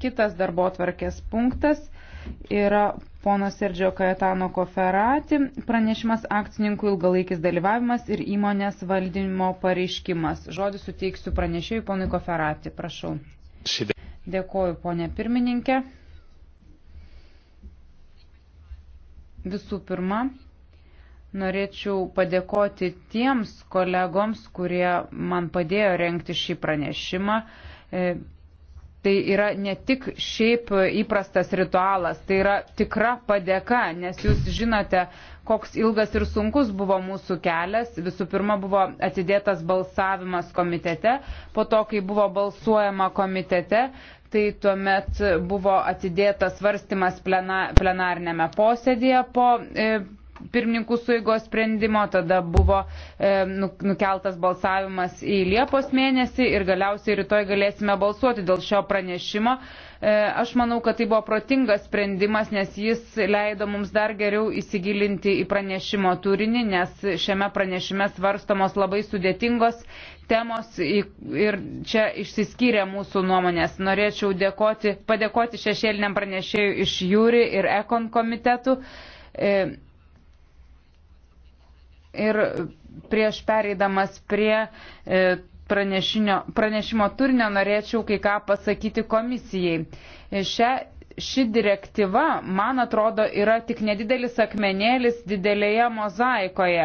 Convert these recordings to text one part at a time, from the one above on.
Kitas darbo tvarkės punktas yra pono Sergio Kajetano Koferati pranešimas akcininkų ilgalaikis dalyvavimas ir įmonės valdymo pareiškimas. Žodį suteiksiu pranešėjui ponui Koferati, prašau. Dėkoju, ponė pirmininkė. Visų pirma, norėčiau padėkoti tiems kolegoms, kurie man padėjo renkti šį pranešimą tai yra ne tik šiaip įprastas ritualas, tai yra tikra padėka, nes jūs žinote, koks ilgas ir sunkus buvo mūsų kelias. Visų pirma buvo atidėtas balsavimas komitete, po to, kai buvo balsuojama komitete, tai tuomet buvo atidėtas svarstymas plena, plenarnėme posėdėje po. E, pirmininkų suigos sprendimo, tada buvo e, nu, nukeltas balsavimas į Liepos mėnesį ir galiausiai rytoj galėsime balsuoti dėl šio pranešimo. E, aš manau, kad tai buvo protingas sprendimas, nes jis leido mums dar geriau įsigilinti į pranešimo turinį, nes šiame pranešime svarstamos labai sudėtingos temos ir čia išsiskyrė mūsų nuomonės. Norėčiau dėkoti, padėkoti šešėliniam pranešėjui iš Jūri ir Ekon komitetų. E, Ir prieš pereidamas prie e, pranešimo turinio norėčiau kai ką pasakyti komisijai. Šia, ši direktyva, man atrodo, yra tik nedidelis akmenėlis didelėje mozaikoje.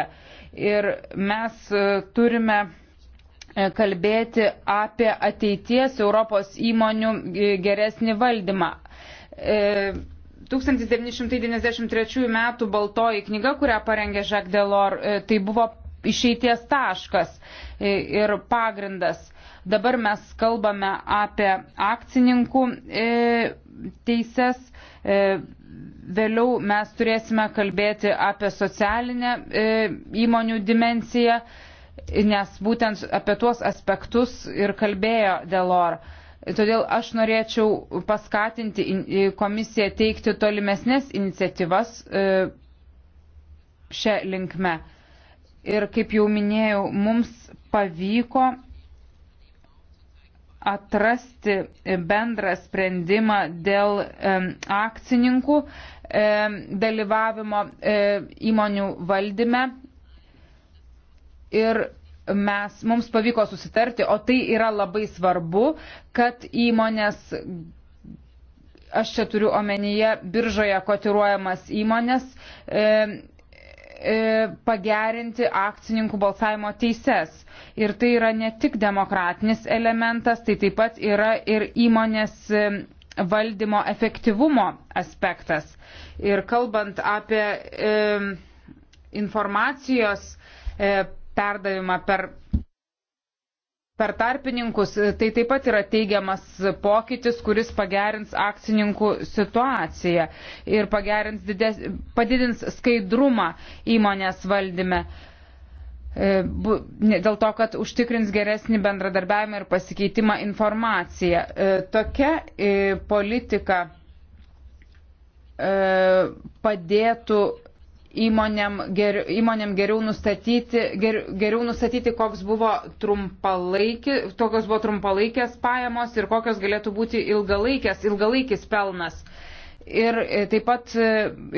Ir mes e, turime e, kalbėti apie ateities Europos įmonių geresnį valdymą. 1993 m. baltoji knyga, kurią parengė Jacques Delors, e, tai buvo išeities taškas e, ir pagrindas. Dabar mes kalbame apie akcininkų e, teises, vėliau mes turėsime kalbėti apie socialinę įmonių dimenciją, nes būtent apie tuos aspektus ir kalbėjo Delors. Todėl aš norėčiau paskatinti komisiją teikti tolimesnės iniciatyvas e, šią linkme. Ir kaip jau minėjau, mums pavyko atrasti bendrą sprendimą dėl e, akcininkų e, dalyvavimo įmonių valdyme. Ir mes, mums pavyko susitarti, o tai yra labai svarbu, kad įmonės, aš čia turiu omenyje, biržoje kotiruojamas įmonės, e, e, pagerinti akcininkų balsavimo teises. Ir tai yra ne tik demokratinis elementas, tai taip pat yra ir įmonės e, valdymo efektyvumo aspektas. Ir kalbant apie e, informacijos e, perdavimą per, per tarpininkus, tai taip pat yra teigiamas pokytis, kuris pagerins akcininkų situaciją ir pagerins dides, padidins skaidrumą įmonės valdyme. E, dėl to, kad užtikrins geresnį bendradarbiavimą ir pasikeitimą informaciją. E, tokia e, politika padėtų įmonėm, ger, įmonėm geriau, nustatyti, ger, geriau nustatyti, koks buvo kokios buvo trumpalaikės pajamos ir kokios galėtų būti ilgalaikės, ilgalaikis pelnas ir e, taip pat e,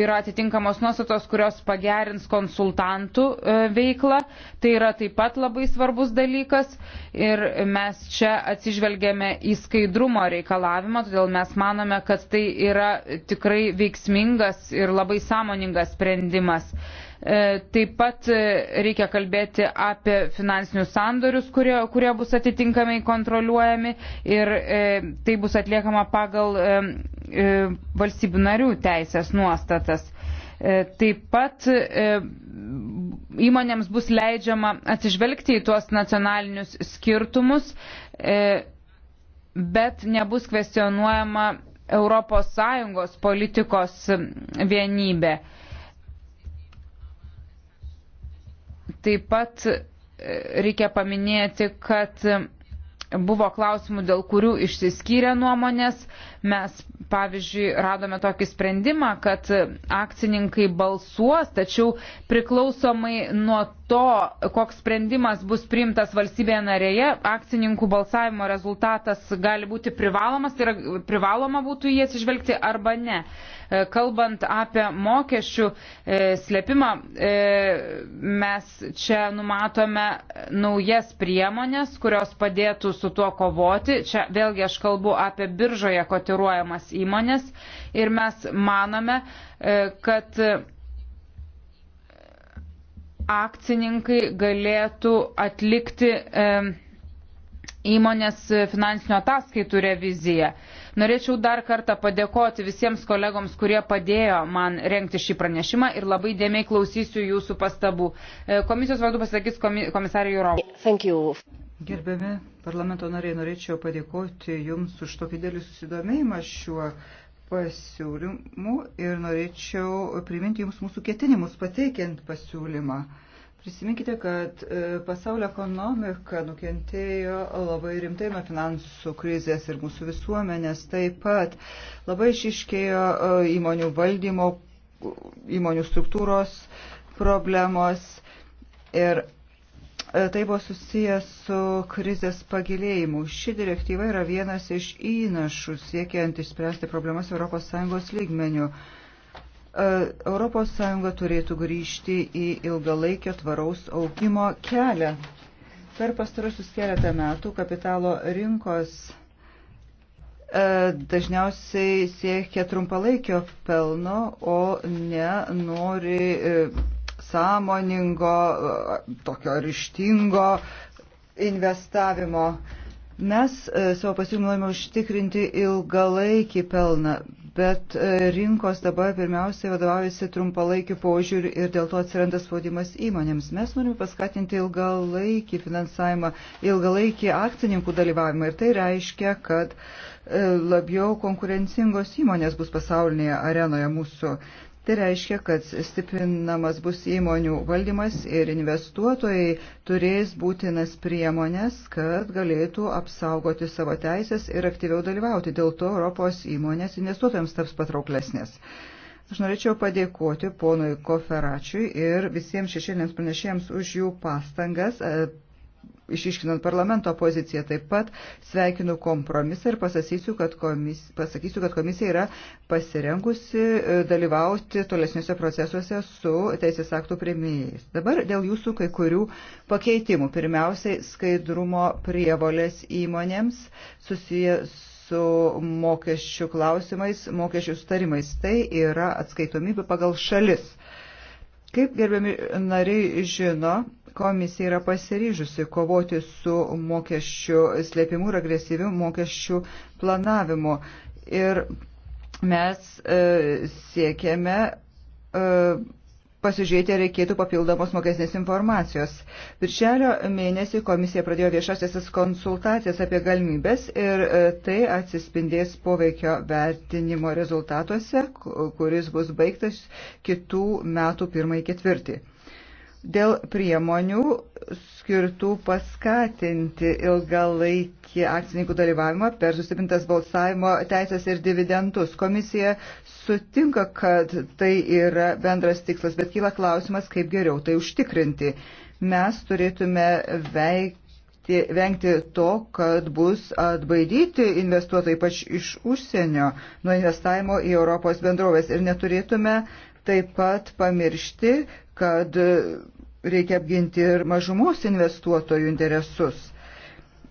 yra atitinkamos nuostatos, kurios pagerins konsultantų e, veiklą. Tai yra taip pat labai svarbus dalykas ir mes čia atsižvelgėme į skaidrumo reikalavimą, todėl mes manome, kad tai yra tikrai veiksmingas ir labai sąmoningas sprendimas. E, taip pat e, reikia kalbėti apie finansinius sandorius, kurie, kurie bus atitinkamai kontroliuojami ir e, tai bus atliekama pagal valstybių narių teisės nuostatas. Taip pat įmonėms bus leidžiama atsižvelgti į tuos nacionalinius skirtumus, bet nebus kvestionuojama ES politikos vienybė. Taip pat e, reikia paminėti, kad Buvo klausimų, dėl kurių išsiskyrė nuomonės. Mes, pavyzdžiui, radome tokį sprendimą, kad akcininkai balsuos, tačiau priklausomai nuo to, koks sprendimas bus priimtas valstybėje narėje, akcininkų balsavimo rezultatas gali būti privalomas, tai yra privaloma būtų jį atsižvelgti arba ne. E, kalbant apie mokesčių e, slėpimą, e, mes čia numatome naujas priemonės, kurios padėtų su tuo kovoti. Čia vėlgi aš kalbu apie biržoje kotiruojamas įmonės ir mes manome, e, kad akcininkai galėtų atlikti e, įmonės finansinio ataskaitų reviziją. Norėčiau dar kartą padėkoti visiems kolegoms, kurie padėjo man renkti šį pranešimą ir labai dėmiai klausysiu jūsų pastabų. E, komisijos vardu pasakys komisarė Jūrovė. Gerbiami parlamento nariai, norėčiau padėkoti Jums už tokį dėlį susidomėjimą šiuo pasiūlymu ir norėčiau priminti Jums mūsų ketinimus pateikiant pasiūlymą. Prisiminkite, kad e, pasaulio ekonomika nukentėjo labai rimtai nuo finansų krizės ir mūsų visuomenės taip pat labai išiškėjo e, įmonių valdymo, įmonių struktūros problemos ir e, tai buvo susijęs su krizės pagilėjimu. Ši direktyva yra vienas iš įnašų siekiant išspręsti problemas ES lygmenių. ES turėtų grįžti į ilgalaikio tvaraus augimo kelią. Per pastarusius keletą metų kapitalo rinkos e, dažniausiai siekia trumpalaikio pelno, o ne nori e, sąmoningo, e, tokio ryštingo investavimo. Mes savo pasiūlymą norime užtikrinti ilgalaikį pelną, bet e, rinkos dabar pirmiausiai vadovaujasi trumpalaikiu požiūriu ir dėl to atsiranda spaudimas įmonėms. Mes norime paskatinti ilgalaikį finansavimą, ilgalaikį akcininkų dalyvavimą ir tai reiškia, kad e, labiau konkurencingos įmonės bus pasaulinėje arenoje mūsų Tai reiškia, kad stiprinamas bus įmonių valdymas ir investuotojai turės būtinas priemonės, kad galėtų apsaugoti savo teisės ir aktyviau dalyvauti. Dėl to Europos įmonės investuotojams taps patrauklesnės. Aš norėčiau padėkoti ponui Koferačiui ir visiems šešėlėms pranešėjams už jų pastangas išiškinant parlamento poziciją. Taip pat sveikinu kompromisą ir pasakysiu, kad, komis, pasakysiu, kad komisija yra pasirengusi e, dalyvauti tolesniuose procesuose su teisės aktų prieimėjais. Dabar dėl jūsų kai kurių pakeitimų. Pirmiausiai skaidrumo prievolės įmonėms susijęs su mokesčių klausimais, mokesčių starimais. Tai yra atskaitomybė pagal šalis. Kaip gerbiami nariai žino, komisija yra pasiryžusi kovoti su mokesčių slėpimu ir agresyviu mokesčių planavimu. Ir mes e, siekiame e, pasižiūrėti, ar reikėtų papildomos mokesnės informacijos. Viršelio mėnesį komisija pradėjo viešasias konsultacijas apie galimybės ir e, tai atsispindės poveikio vertinimo rezultatuose, kuris bus baigtas kitų metų pirmąjį ketvirtį dėl priemonių skirtų paskatinti ilgalaikį akcininkų dalyvavimą per sustiprintas balsavimo teisės ir dividendus. Komisija sutinka, kad tai yra bendras tikslas, bet kyla klausimas, kaip geriau tai užtikrinti. Mes turėtume veikti, vengti to, kad bus atbaidyti investuotojai, ypač iš užsienio, nuo investavimo į Europos bendrovės ir neturėtume taip pat pamiršti, kad reikia apginti ir mažumos investuotojų interesus.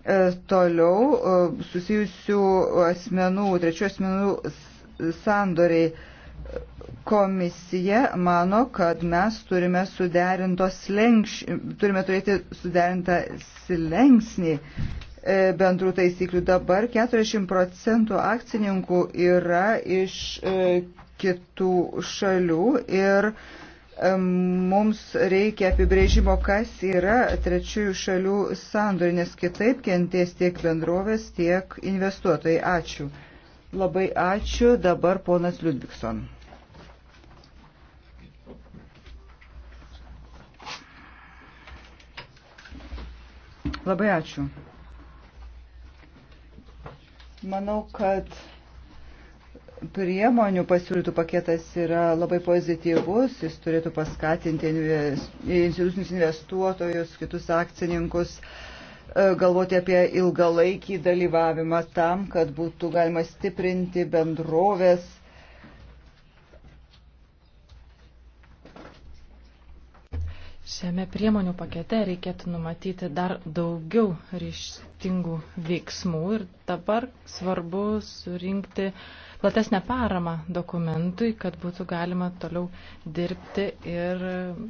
E, toliau e, susijusių asmenų, trečių asmenų sandoriai komisija mano, kad mes turime, lenkš, turime turėti suderintą slengsnį e, bendrų taisyklių. Dabar 40 procentų akcininkų yra iš kitų šalių ir e, mums reikia apibrėžimo, kas yra trečiųjų šalių sandoriai, nes kitaip kentės tiek bendrovės, tiek investuotojai. Ačiū. Labai ačiū. Dabar ponas Liudvikson. Labai ačiū. Manau, kad priemonių pasiūlytų paketas yra labai pozityvus, jis turėtų paskatinti institucinius investuotojus, kitus akcininkus e, galvoti apie ilgalaikį dalyvavimą tam, kad būtų galima stiprinti bendrovės. Šiame priemonių pakete reikėtų numatyti dar daugiau ryštingų veiksmų ir dabar svarbu surinkti uh, platesnę paramą dokumentui, kad būtų galima toliau dirbti ir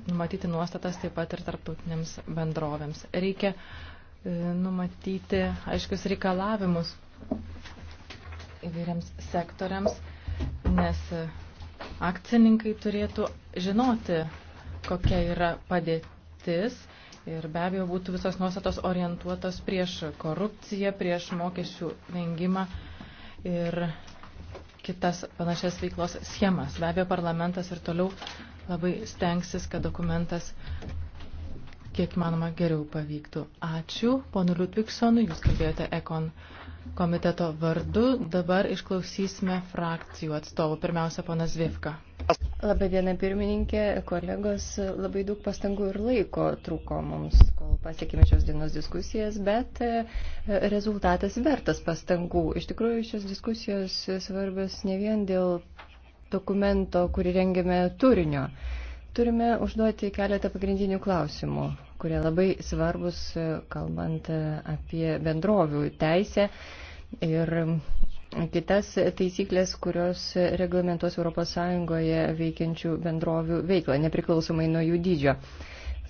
numatyti nuostatas taip pat ir tarptautinėms bendrovėms. Reikia e, numatyti aiškius reikalavimus įvairiams sektoriams, nes akcininkai turėtų žinoti, kokia yra padėtis ir be abejo būtų visos nuostatos orientuotos prieš korupciją, prieš mokesčių vengimą ir kitas panašias veiklos schemas. Be abejo, parlamentas ir toliau labai stengsis, kad dokumentas kiek manoma geriau pavyktų. Ačiū, ponu Liutviksonui, jūs kalbėjote Ekon komiteto vardu. Dabar išklausysime frakcijų atstovų. Pirmiausia, ponas Vivka. Labai diena, pirmininkė, kolegos, labai daug pastangų ir laiko trūko mums, kol pasiekime šios dienos diskusijas, bet e, rezultatas vertas pastangų. Iš tikrųjų, šios diskusijos svarbios ne vien dėl dokumento, kurį rengiame turinio. Turime užduoti keletą pagrindinių klausimų, kurie labai svarbus, e, kalbant e, apie bendrovių teisę ir kitas taisyklės, kurios reglamentuos ES veikiančių bendrovių veiklą, nepriklausomai nuo jų dydžio.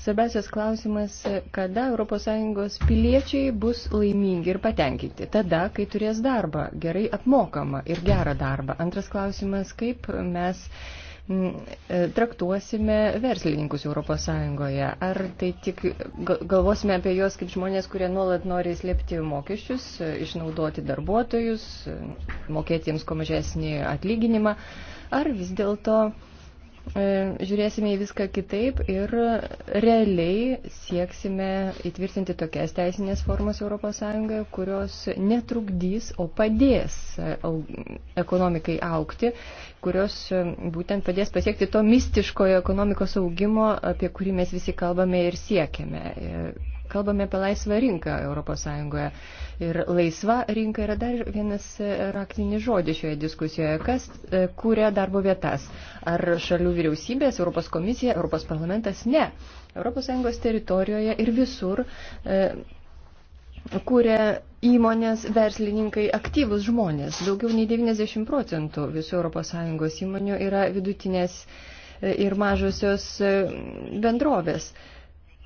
Svarbiausias klausimas, kada ES piliečiai bus laimingi ir patenkinti. Tada, kai turės darbą, gerai apmokamą ir gerą darbą. Antras klausimas, kaip mes Mm, e, traktuosime verslininkus ES? Ar tai tik galvosime apie juos kaip žmonės, kurie nuolat nori slėpti mokesčius, e, išnaudoti darbuotojus, e, mokėti jiems kuo mažesnį atlyginimą, ar vis dėlto E, žiūrėsime į viską kitaip ir realiai sieksime įtvirtinti tokias teisinės formas ES, kurios netrukdys, o padės e, ekonomikai aukti, kurios e, būtent padės pasiekti to mistiškojo ekonomikos augimo, apie kurį mes visi kalbame ir siekiame kalbame apie laisvą rinką ES. Ir laisva rinka yra dar vienas e, raktinis žodis šioje diskusijoje. Kas e, kūrė darbo vietas? Ar šalių vyriausybės, Europos komisija, Europos parlamentas? Ne. ES teritorijoje ir visur e, kūrė įmonės, verslininkai, aktyvus žmonės. Daugiau nei 90 procentų visų ES įmonių yra vidutinės ir mažosios bendrovės.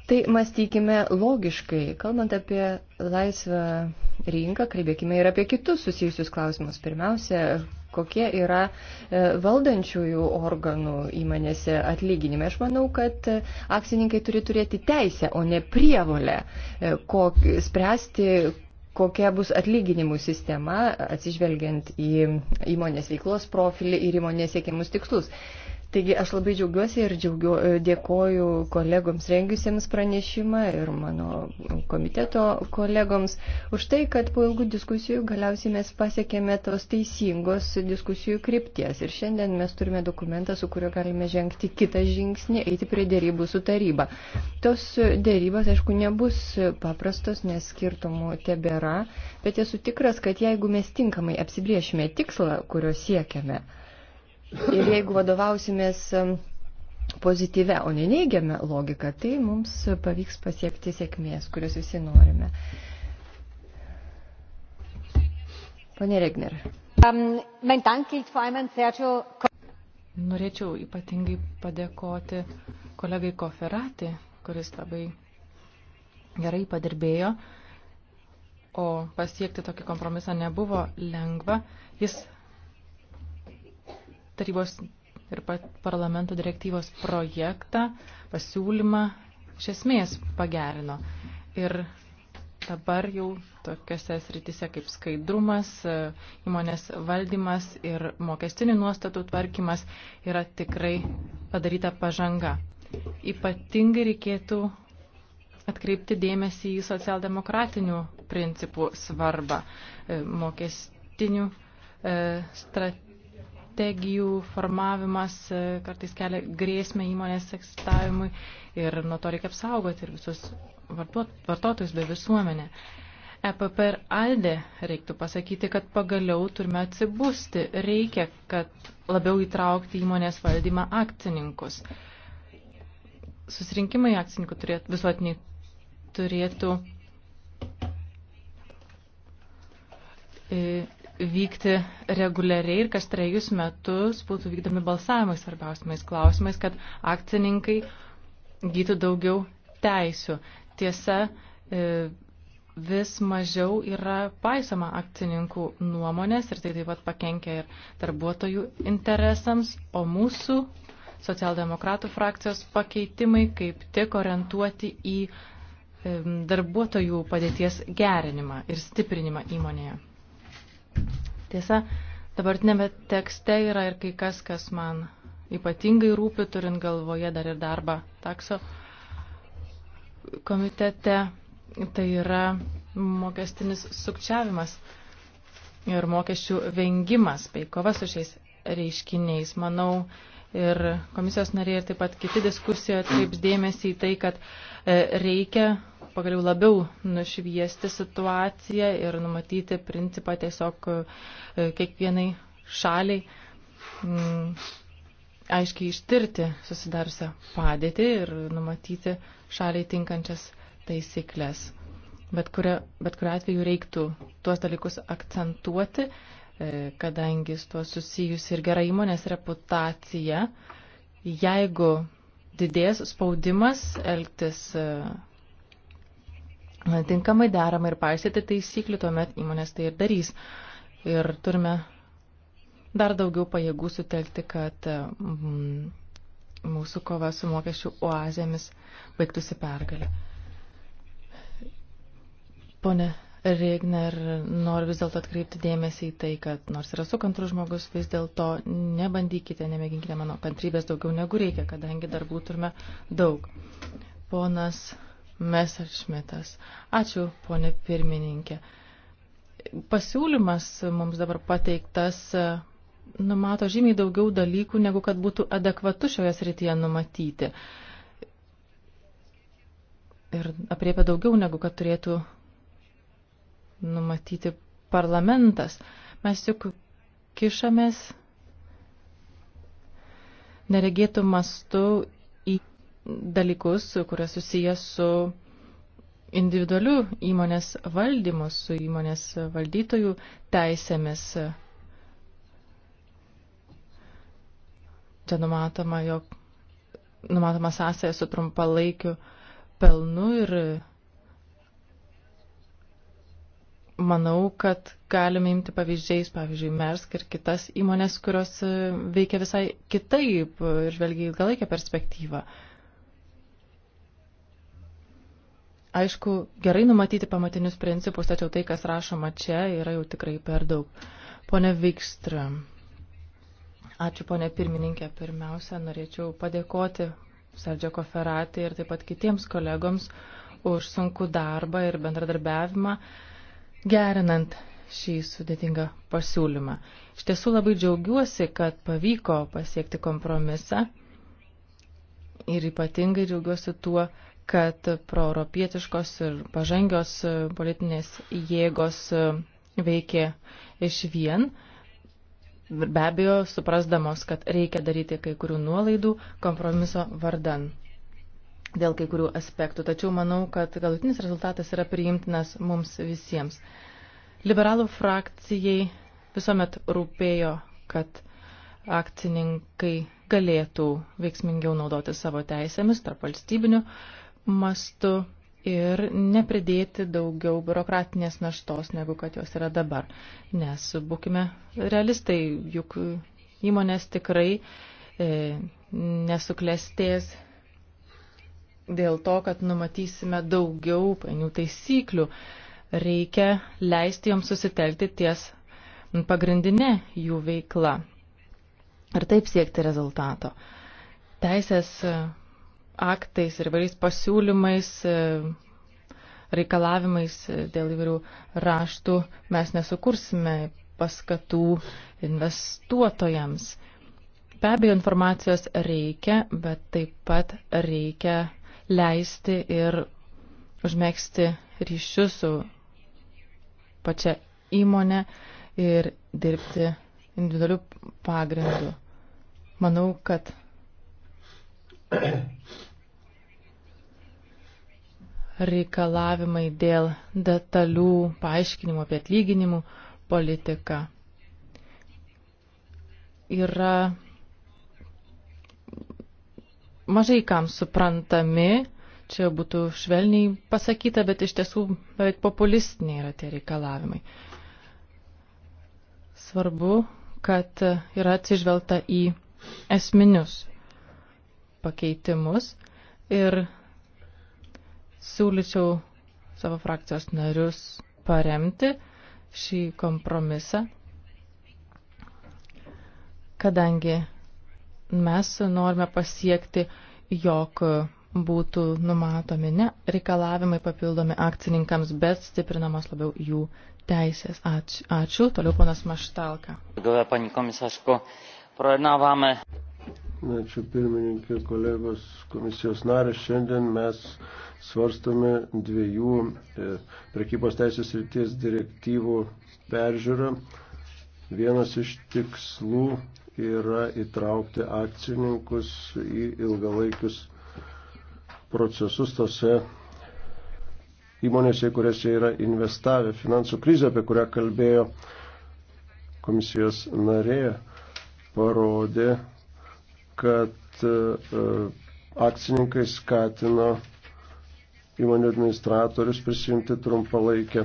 Tai mąstykime logiškai. Kalbant apie laisvą rinką, kalbėkime ir apie kitus susijusius klausimus. Pirmiausia, kokie yra e, valdančiųjų organų įmonėse atlyginimai. Aš manau, kad e, akcininkai turi turėti teisę, o ne prievolę e, kok, spręsti, kokia bus atlyginimų sistema, atsižvelgiant į įmonės veiklos profilį ir įmonės siekiamus tikslus. Taigi aš labai džiaugiuosi ir džiaugiu, e, dėkoju kolegoms rengusiems pranešimą ir mano komiteto kolegoms už tai, kad po ilgų diskusijų galiausiai mes pasiekėme tos teisingos diskusijų krypties. Ir šiandien mes turime dokumentą, su kuriuo galime žengti kitą žingsnį, eiti prie dėrybų su taryba. Tos dėrybos, aišku, nebus paprastos, nes skirtumų tebėra, bet esu tikras, kad jeigu mes tinkamai apsibriešime tikslą, kurio siekiame, Ir jeigu vadovausimės pozityvę, o ne neigiamę logiką, tai mums pavyks pasiekti sėkmės, kurios visi norime. Pane Regner. Norėčiau ypatingai padėkoti kolegai Koferati, kuris labai gerai padirbėjo, o pasiekti tokį kompromisą nebuvo lengva. Jis tarybos ir parlamento direktyvos projektą, pasiūlymą iš esmės pagerino. Ir dabar jau tokiuose sritise kaip skaidrumas, įmonės valdymas ir mokestinių nuostatų tvarkymas yra tikrai padaryta pažanga. Ypatingai reikėtų atkreipti dėmesį į socialdemokratinių principų svarbą e, mokestinių e, strategijų strategijų formavimas e, kartais kelia grėsmę įmonės egzistavimui ir nuo to reikia apsaugoti ir visus vartotojus bei visuomenę. EPP ir ALDE reiktų pasakyti, kad pagaliau turime atsibusti. Reikia, kad labiau įtraukti įmonės valdymą akcininkus. Susirinkimai akcininkų turėtų, visuotiniai turėtų e, vykti reguliariai ir kas trejus metus būtų vykdomi balsavimai svarbiausiais klausimais, kad akcininkai gytų daugiau teisių. Tiesa, e, vis mažiau yra paisoma akcininkų nuomonės ir tai taip pat pakenkia ir darbuotojų interesams, o mūsų socialdemokratų frakcijos pakeitimai kaip tik orientuoti į darbuotojų padėties gerinimą ir stiprinimą įmonėje. Tiesa, dabartinėme tekste yra ir kai kas, kas man ypatingai rūpi, turint galvoje dar ir darbą takso komitete, tai yra mokestinis sukčiavimas ir mokesčių vengimas bei kova su šiais reiškiniais. Manau, ir komisijos nariai ir taip pat kiti diskusijoje atkreips dėmesį į tai, kad e, reikia pagaliau labiau nušviesti situaciją ir numatyti principą tiesiog e, kiekvienai šaliai mm, aiškiai ištirti susidariusią padėtį ir numatyti šaliai tinkančias taisyklės. Bet, kuria, bet kuriuo atveju reiktų tuos dalykus akcentuoti, e, kadangi su tuo susijusi ir gera įmonės reputacija. Jeigu didės spaudimas elgtis e, tinkamai deramai ir paisyti taisyklių, tuomet įmonės tai ir darys. Ir turime dar daugiau pajėgų sutelkti, kad mm, mūsų kova su mokesčių oazėmis baigtųsi pergalį. Pone Regner, noriu vis dėlto atkreipti dėmesį į tai, kad nors yra sukantrus žmogus, vis dėlto nebandykite, nemėginkite mano kantrybės daugiau negu reikia, kadangi darbų turime daug. Ponas Messerschmittas. Ačiū, ponė pirmininkė. Pasiūlymas mums dabar pateiktas e, numato žymiai daugiau dalykų, negu kad būtų adekvatu šioje srityje numatyti. Ir apriepia daugiau, negu kad turėtų numatyti parlamentas. Mes juk kišamės neregėtų mastu dalykus, kurie susijęs su individualiu įmonės valdymu, su įmonės valdytojų teisėmis. Čia numatoma, jog numatoma sąsaja su trumpalaikiu pelnu ir manau, kad galime imti pavyzdžiais, pavyzdžiui, Mersk ir kitas įmonės, kurios veikia visai kitaip ir žvelgia ilgalaikę perspektyvą. perspektyvą. Aišku, gerai numatyti pamatinius principus, tačiau tai, kas rašoma čia, yra jau tikrai per daug. Pone Vikstra, ačiū pone pirmininkė. Pirmiausia, norėčiau padėkoti Sardžio Koferatį ir taip pat kitiems kolegoms už sunku darbą ir bendradarbiavimą, gerinant šį sudėtingą pasiūlymą. Iš tiesų labai džiaugiuosi, kad pavyko pasiekti kompromisą ir ypatingai džiaugiuosi tuo, kad proeuropietiškos ir pažangios e, politinės jėgos e, veikė iš vien, be abejo suprasdamos, kad reikia daryti kai kurių nuolaidų kompromiso vardan dėl kai kurių aspektų. Tačiau manau, kad galutinis rezultatas yra priimtinas mums visiems. Liberalų frakcijai visuomet rūpėjo, kad akcininkai galėtų veiksmingiau naudoti savo teisėmis tarp valstybinių mastu ir nepridėti daugiau biurokratinės naštos, negu kad jos yra dabar. Nes būkime realistai, juk įmonės tikrai e, nesuklestės dėl to, kad numatysime daugiau painių taisyklių. Reikia leisti joms susitelkti ties pagrindinė jų veikla ir taip siekti rezultato. Teisės aktais ir vairiais pasiūlymais, e, reikalavimais e, dėl įvairių raštų mes nesukursime paskatų investuotojams. Be abejo, informacijos reikia, bet taip pat reikia leisti ir užmėgsti ryšius su pačia įmonė ir dirbti individualių pagrindų. Manau, kad Reikalavimai dėl detalių paaiškinimų apie atlyginimų politiką yra mažai kam suprantami, čia būtų švelniai pasakyta, bet iš tiesų beveik populistiniai yra tie reikalavimai. Svarbu, kad yra atsižvelgta į esminius pakeitimus ir siūlyčiau savo frakcijos narius paremti šį kompromisą, kadangi mes norime pasiekti, jog būtų numatomi ne reikalavimai papildomi akcininkams, bet stiprinamos labiau jų teisės. Ačiū. Ačiū. Toliau ponas Maštalka. Projednáváme Ačiū pirmininkė, kolegos komisijos narės. Šiandien mes svarstame dviejų e, prekybos teisės ryties direktyvų peržiūrą. Vienas iš tikslų yra įtraukti akcininkus į ilgalaikius procesus tose įmonėse, kuriuose yra investavę. Finansų krizė, apie kurią kalbėjo komisijos narė, parodė kad e, e, akcininkai skatino įmonių administratorius prisimti trumpalaikę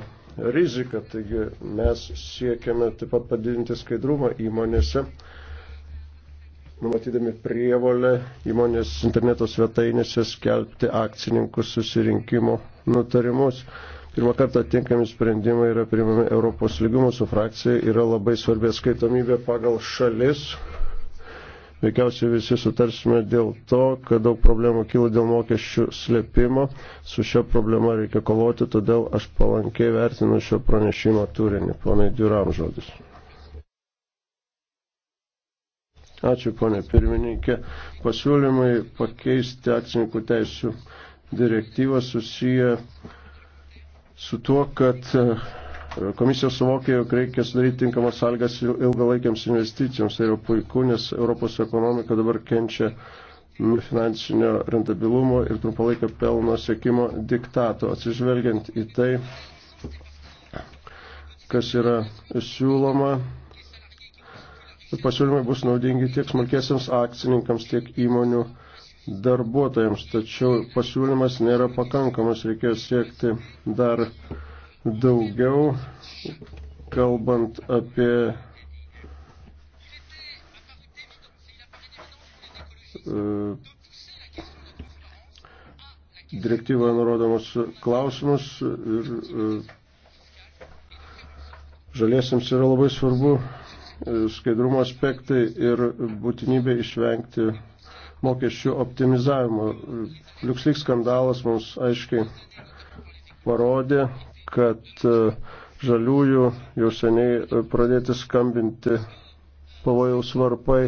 riziką. Taigi mes siekiame taip pat padidinti skaidrumą įmonėse, numatydami prievolę įmonės interneto svetainėse skelbti akcininkų susirinkimo nutarimus. Pirmą kartą tinkami sprendimai yra priimami Europos lygių, mūsų frakcija yra labai svarbi skaitomybė pagal šalis, Veikiausiai visi sutarsime dėl to, kad daug problemų kyla dėl mokesčių slėpimo. Su šia problema reikia kovoti, todėl aš palankiai vertinu šio pranešimo turinį. Ponai Diuram žodis. Ačiū, ponė pirmininkė. Pasiūlymai pakeisti akcininkų teisų direktyvą susiję su tuo, kad Komisija suvokė, jog reikia sudaryti tinkamas sąlygas ilgalaikiams investicijoms. Tai yra puiku, nes Europos ekonomika dabar kenčia finansinio rentabilumo ir trumpalaikio pelno sėkimo diktato. Atsižvelgiant į tai, kas yra siūloma, pasiūlymai bus naudingi tiek smulkėsiams akcininkams, tiek įmonių darbuotojams. Tačiau pasiūlymas nėra pakankamas, reikės siekti dar daugiau, kalbant apie e, direktyvoje nurodomus klausimus ir e, žaliesiams yra labai svarbu e, skaidrumo aspektai ir būtinybė išvengti mokesčių optimizavimo. Liukslik skandalas mums aiškiai parodė, kad e, žaliųjų jau seniai e, pradėti skambinti pavojaus varpai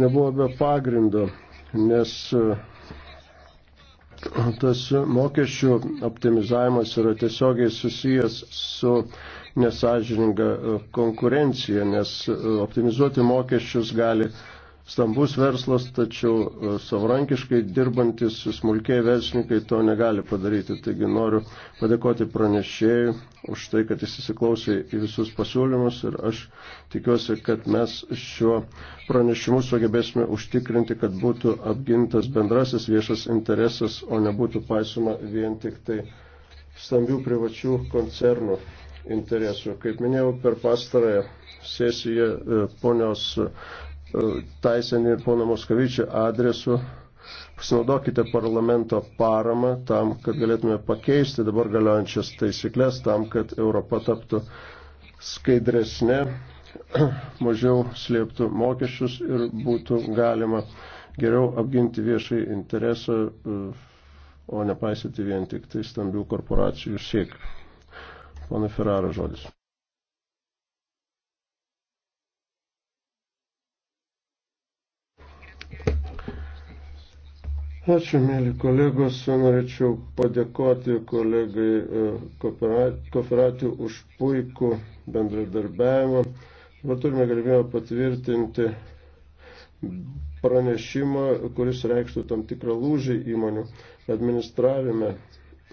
nebuvo be pagrindo, nes e, tas mokesčių optimizavimas yra tiesiogiai susijęs su nesažininga konkurencija, nes optimizuoti mokesčius gali stambus verslas, tačiau e, savarankiškai dirbantis smulkiai verslininkai to negali padaryti. Taigi noriu padėkoti pranešėjui už tai, kad jis įsiklausė į visus pasiūlymus ir aš tikiuosi, kad mes šiuo pranešimu sugebėsime užtikrinti, kad būtų apgintas bendrasis viešas interesas, o nebūtų paisoma vien tik tai stambių privačių koncernų interesų. Kaip minėjau, per pastarąją sesiją e, ponios Taisenį ir pono Moskovičio adresu. Pasinaudokite parlamento paramą tam, kad galėtume pakeisti dabar galiojančias taisyklės, tam, kad Europa taptų skaidresnė, mažiau slėptų mokesčius ir būtų galima geriau apginti viešai interesą, o nepaisyti vien tik tai stambių korporacijų siekių. Pana Ferrara žodis. Ačiū, mėly kolegos. Norėčiau padėkoti kolegai e, Koferatį už puikų bendradarbiavimą. Dabar turime galimybę patvirtinti pranešimą, kuris reikštų tam tikrą lūžį įmonių administravime.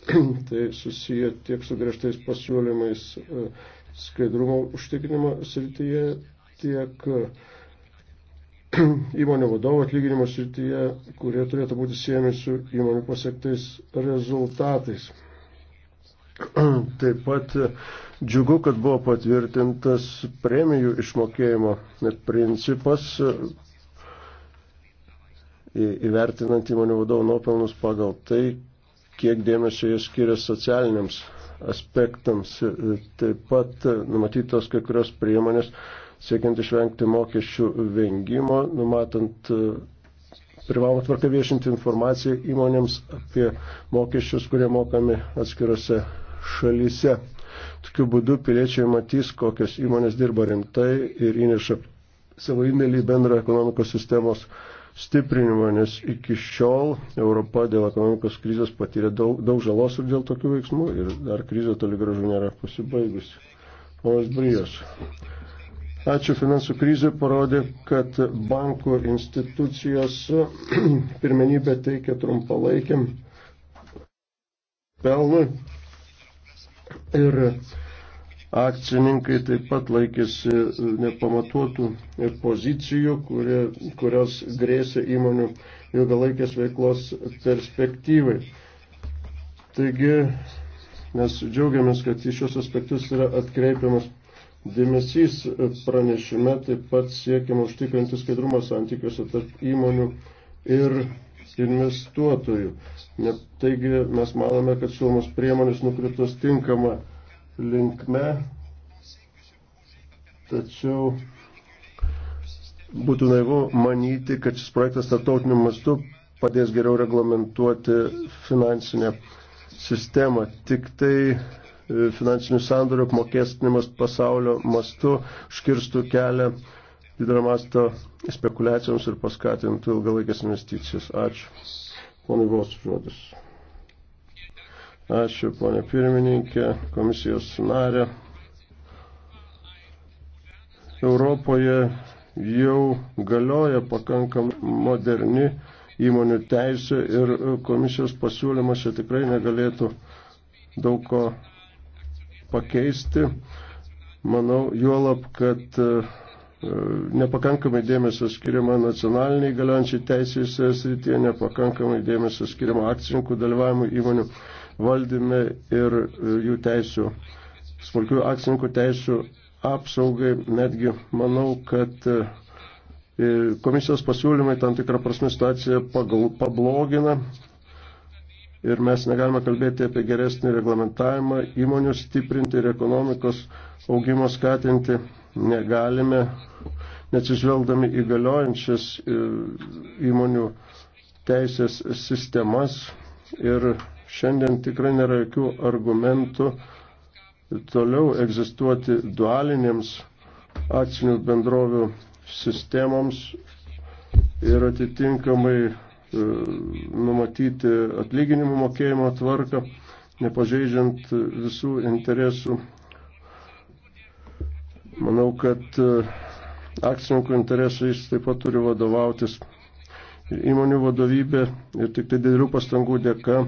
tai susiję tiek su griežtais pasiūlymais e, skaidrumo užtikrinimo srityje, tiek uh, įmonių vadovų atlyginimo srityje, kurie turėtų būti siejami su įmonių pasiektais rezultatais. Taip pat e, džiugu, kad buvo patvirtintas premijų išmokėjimo principas e, įvertinant įmonių vadovų nuopelnus pagal tai, kiek dėmesio jie skiria socialiniams aspektams. E, taip pat numatytos kai kurios priemonės siekiant išvengti mokesčių vengimo, numatant e, privalomą tvarką viešinti informaciją įmonėms apie mokesčius, kurie mokami atskirose šalyse. Tokiu būdu piliečiai matys, kokios įmonės dirba rimtai ir įneša savo indėlį į bendrą ekonomikos sistemos stiprinimą, nes iki šiol Europa dėl ekonomikos krizės patyrė daug, daug žalos ir dėl tokių veiksmų ir dar krizė toli gražu nėra pasibaigusi. Ponas Brijos. Ačiū finansų krizė parodė, kad bankų institucijos pirmenybę teikia trumpalaikiam pelnui ir akcininkai taip pat laikėsi nepamatuotų pozicijų, kurie, kurios grėsė įmonių ilgalaikės veiklos perspektyvai. Taigi mes džiaugiamės, kad į šios aspektus yra atkreipiamas dėmesys pranešime taip pat siekiama užtikrinti skaidrumą santykiuose tarp įmonių ir investuotojų. Ne, taigi mes manome, kad siūlomos priemonės nukritos tinkama linkme, tačiau būtų naivu manyti, kad šis projektas tarptautiniu mastu padės geriau reglamentuoti finansinę sistemą. Tik tai finansinių sandorių apmokestinimas pasaulio mastu škirstų kelią didelio masto spekulacijoms ir paskatintų ilgalaikės investicijas. Ačiū. Ponai Vos žodis. Ačiū, ponė pirmininkė, komisijos narė. Europoje jau galioja pakankam moderni įmonių teisė ir komisijos pasiūlymas čia tikrai negalėtų daug ko pakeisti. Manau, juolab, kad e, e, nepakankamai dėmesio skiriama nacionaliniai galiojančiai teisės srityje, nepakankamai dėmesio skiriama akcininkų dalyvavimui įmonių valdyme ir e, jų teisų, smulkių akcininkų teisų apsaugai. Netgi manau, kad komisijos pasiūlymai tam tikrą prasme situaciją pagal, pablogina ir mes negalime kalbėti apie geresnį reglamentavimą, įmonių stiprinti ir ekonomikos augimo skatinti negalime, neatsižvelgdami įgaliojančias e, įmonių teisės sistemas ir šiandien tikrai nėra jokių argumentų toliau egzistuoti dualinėms akcinių bendrovių sistemoms ir atitinkamai E, numatyti atlyginimų mokėjimo tvarką, nepažeidžiant visų interesų. Manau, kad e, akcininkų interesais taip pat turi vadovautis ir įmonių vadovybė ir tik tai didelių pastangų dėka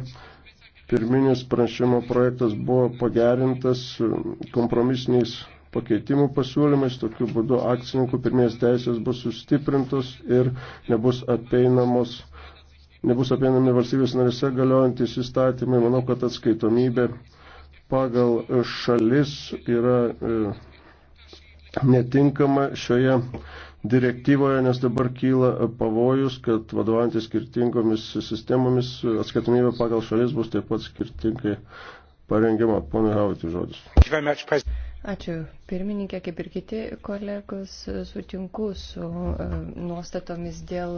pirminis pranešimo projektas buvo pagerintas kompromisiniais pakeitimų pasiūlymais, tokiu būdu akcininkų pirmės teisės bus sustiprintos ir nebus apeinamos nebus apėmami valstybės narise galiojantys įstatymai. Manau, kad atskaitomybė pagal šalis yra e, netinkama šioje direktyvoje, nes dabar kyla pavojus, kad vadovantis skirtingomis sistemomis atskaitomybė pagal šalis bus taip pat skirtingai parengiama. Pone Havitį žodis. Ačiū. Pirmininkė, kaip ir kiti kolegos, sutinku su e, nuostatomis dėl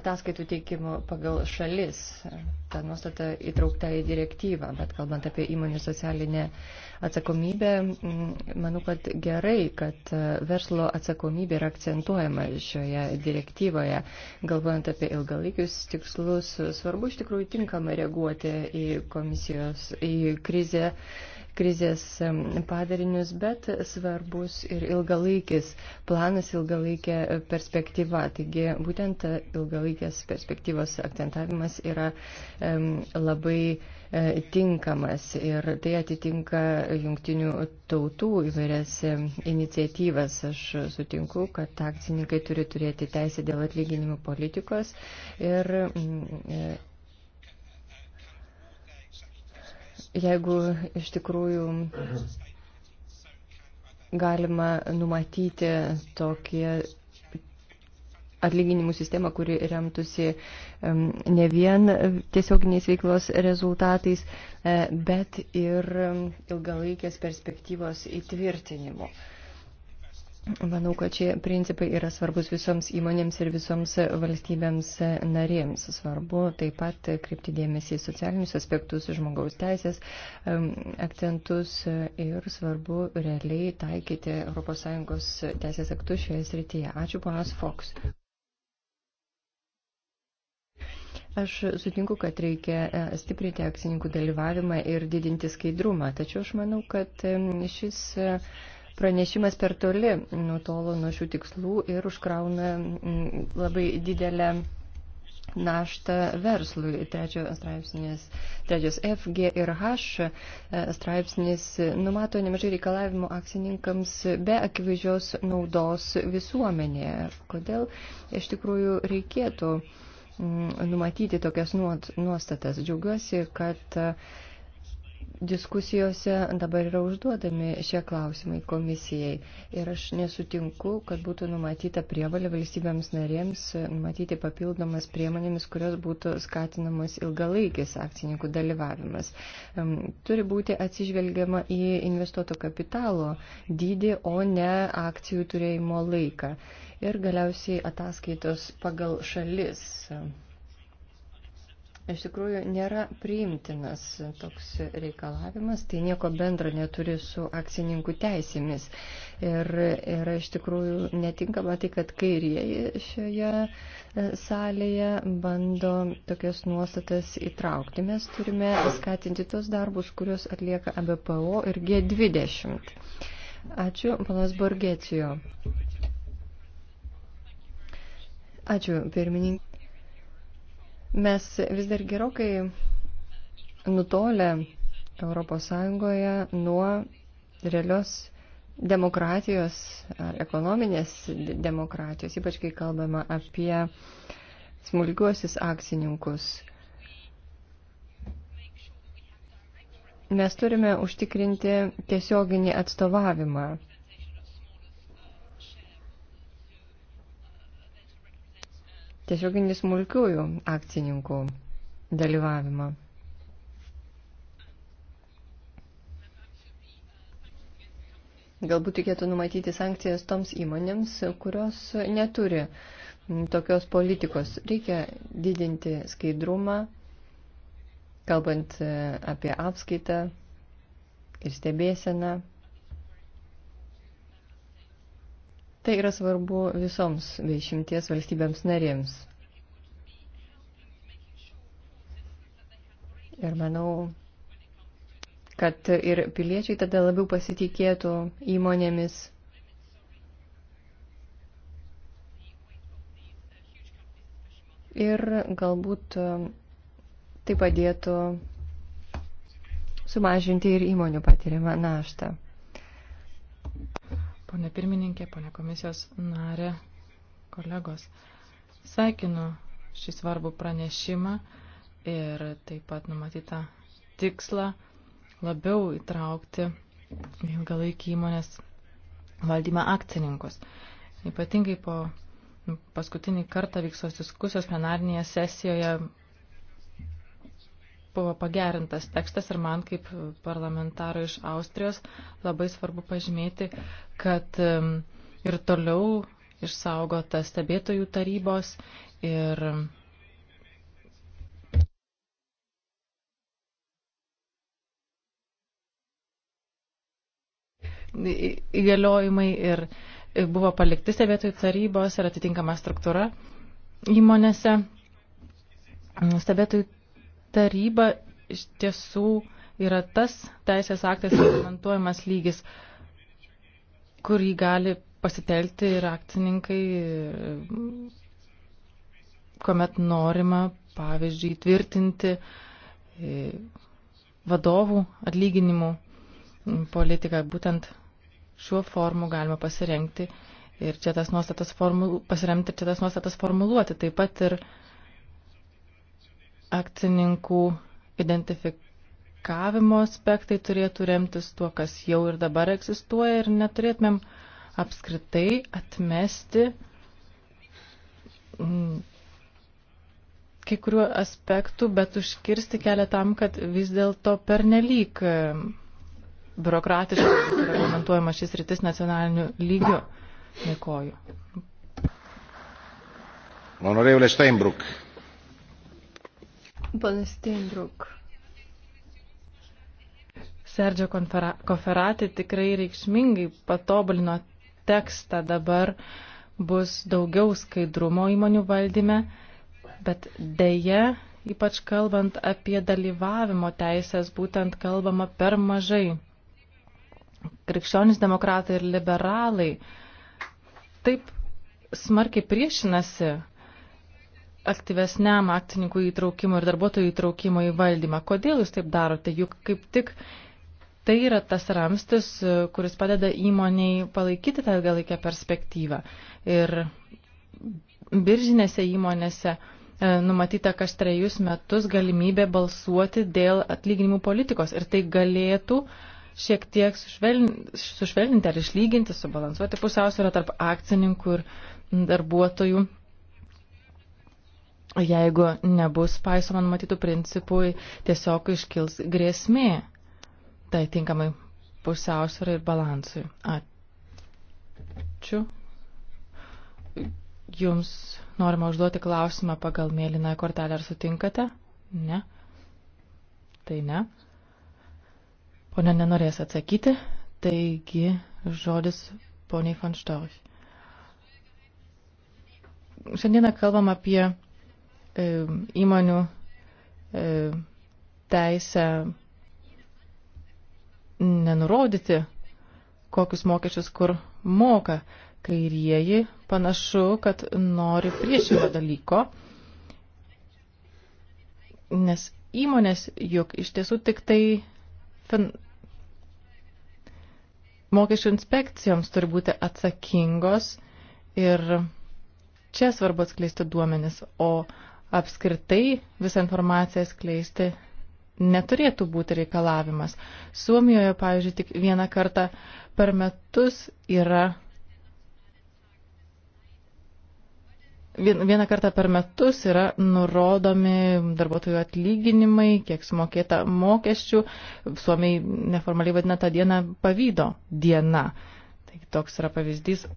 ataskaitų teikimo pagal šalis. Ta nuostata įtraukta į direktyvą, bet kalbant apie įmonių socialinę atsakomybę, manau, kad gerai, kad e, verslo atsakomybė yra akcentuojama šioje direktyvoje. Galvojant apie ilgalaikius tikslus, svarbu iš tikrųjų tinkamai reaguoti į komisijos, į krizę krizės padarinius, bet svarbus ir ilgalaikis planas, ilgalaikė perspektyva. Taigi būtent ilgalaikės perspektyvos akcentavimas yra labai e, tinkamas ir tai atitinka jungtinių tautų įvairias iniciatyvas. Aš sutinku, kad akcininkai turi turėti teisę dėl atlyginimų politikos ir e, jeigu iš tikrųjų galima numatyti tokį atlyginimų sistemą, kuri remtųsi ne vien tiesioginiais veiklos rezultatais, e, bet ir ilgalaikės perspektyvos įtvirtinimu. Manau, kad šie principai yra svarbus visoms įmonėms ir visoms valstybėms narėms. Svarbu taip pat kreipti dėmesį į socialinius aspektus, žmogaus teisės akcentus ir svarbu realiai taikyti ES teisės aktus šioje srityje. Ačiū, ponas Fox. Aš sutinku, kad reikia e, stiprinti akcininkų dalyvavimą ir didinti skaidrumą, tačiau aš manau, kad šis pranešimas per toli nutolo nuo šių tikslų ir užkrauna mm, labai didelę naštą verslui. Trečio straipsnis, trečios F, G ir H e, straipsnis numato nemažai reikalavimų akcininkams be akivaizdžios naudos visuomenėje. Kodėl iš tikrųjų reikėtų mm, numatyti tokias nuostatas? Džiaugiuosi, kad diskusijose dabar yra užduodami šie klausimai komisijai. Ir aš nesutinku, kad būtų numatyta prievalė valstybėms narėms numatyti papildomas priemonėmis, kurios būtų skatinamas ilgalaikis akcininkų dalyvavimas. Turi būti atsižvelgiama į investuoto kapitalo dydį, o ne akcijų turėjimo laiką. Ir galiausiai ataskaitos pagal šalis iš tikrųjų nėra priimtinas toks reikalavimas, tai nieko bendra neturi su akcininkų teisėmis. Ir yra iš tikrųjų netinkama tai, kad kairieji šioje e, salėje bando tokias nuostatas įtraukti. Mes turime skatinti tos darbus, kuriuos atlieka ABPO ir G20. Ačiū, panas Borgecijo. Ačiū, pirmininkai. Mes vis dar gerokai nutolę Europos Sąjungoje nuo realios demokratijos ar ekonominės demokratijos, ypač kai kalbama apie smulkiuosius akcininkus. Mes turime užtikrinti tiesioginį atstovavimą tiesioginį smulkiųjų akcininkų dalyvavimą. Galbūt reikėtų numatyti sankcijas toms įmonėms, kurios neturi tokios politikos. Reikia didinti skaidrumą, kalbant e, apie apskaitą ir stebėseną. Tai yra svarbu visoms bei šimties valstybėms narėms. Ir manau, kad ir piliečiai tada labiau pasitikėtų įmonėmis. Ir galbūt um, tai padėtų sumažinti ir įmonių patiriamą naštą. Pone pirmininkė, pone komisijos narė, kolegos, sveikinu šį svarbų pranešimą ir taip pat numatytą tikslą labiau įtraukti ilgalaikį įmonės valdymą akcininkus. Ypatingai po paskutinį kartą vyksos diskusijos plenarnėje sesijoje buvo pagerintas tekstas ir man kaip parlamentarui iš Austrijos labai svarbu pažymėti, kad ir toliau išsaugota stebėtojų tarybos ir įgaliojimai ir buvo palikti stebėtojų tarybos ir atitinkama struktūra įmonėse. Stebėtojų taryba iš tiesų yra tas teisės aktas reglamentuojamas lygis, kurį gali pasitelkti ir akcininkai, kuomet norima, pavyzdžiui, tvirtinti e, vadovų atlyginimų politiką. Būtent šiuo formu galima pasirengti ir čia tas nuostatas formulu, pasiremti ir čia tas nuostatas formuluoti. Taip pat ir uh, akcininkų identifikavimo aspektai turėtų remtis tuo, kas jau ir dabar egzistuoja ir neturėtumėm apskritai atmesti mm, kai kuriuo aspektų, bet užkirsti kelią tam, kad vis dėlto pernelyg biurokratiškai reglamentuojama šis rytis nacionaliniu lygiu. Dėkoju. Honorevole Steinbrück. Panas Steinbruk. Serdžio Koferatė tikrai reikšmingai patobulino tekstą. Dabar bus daugiau skaidrumo įmonių valdyme, bet dėje, ypač kalbant apie dalyvavimo teisės, būtent kalbama per mažai. Krikščionys demokratai ir liberalai taip smarkiai priešinasi aktyvesniam akcininkų įtraukimui ir darbuotojų įtraukimui į valdymą. Kodėl jūs taip darote? Juk kaip tik tai yra tas ramstis, kuris padeda įmoniai palaikyti tą ilgalaikę perspektyvą. Ir biržinėse įmonėse e, numatyta kas trejus metus galimybė balsuoti dėl atlyginimų politikos. Ir tai galėtų šiek tiek sušvelninti, sušvelninti ar išlyginti, subalansuoti pusiausvyrą tarp akcininkų ir darbuotojų jeigu nebus paisoma numatytų principui, tiesiog iškils grėsmė tai tinkamai pusiausvėrai ir balansui. Ačiū. Jums norima užduoti klausimą pagal mėlyną kortelę. Ar sutinkate? Ne. Tai ne. Pone nenorės atsakyti, taigi žodis poniai von Storch. Šiandieną kalbam apie E, įmonių e, teisę nenurodyti, kokius mokesčius kur moka. Kairieji panašu, kad nori priešingo dalyko, nes įmonės juk iš tiesų tik tai fin... mokesčių inspekcijoms turi būti atsakingos ir čia svarbu atskleisti duomenis, o apskritai visą informaciją skleisti neturėtų būti reikalavimas. Suomijoje, pavyzdžiui, tik vieną kartą per metus yra. Vieną kartą per metus yra nurodomi darbuotojų atlyginimai, kiek sumokėta mokesčių. Suomiai neformaliai vadina tą dieną pavydo diena. Taigi toks yra pavyzdys.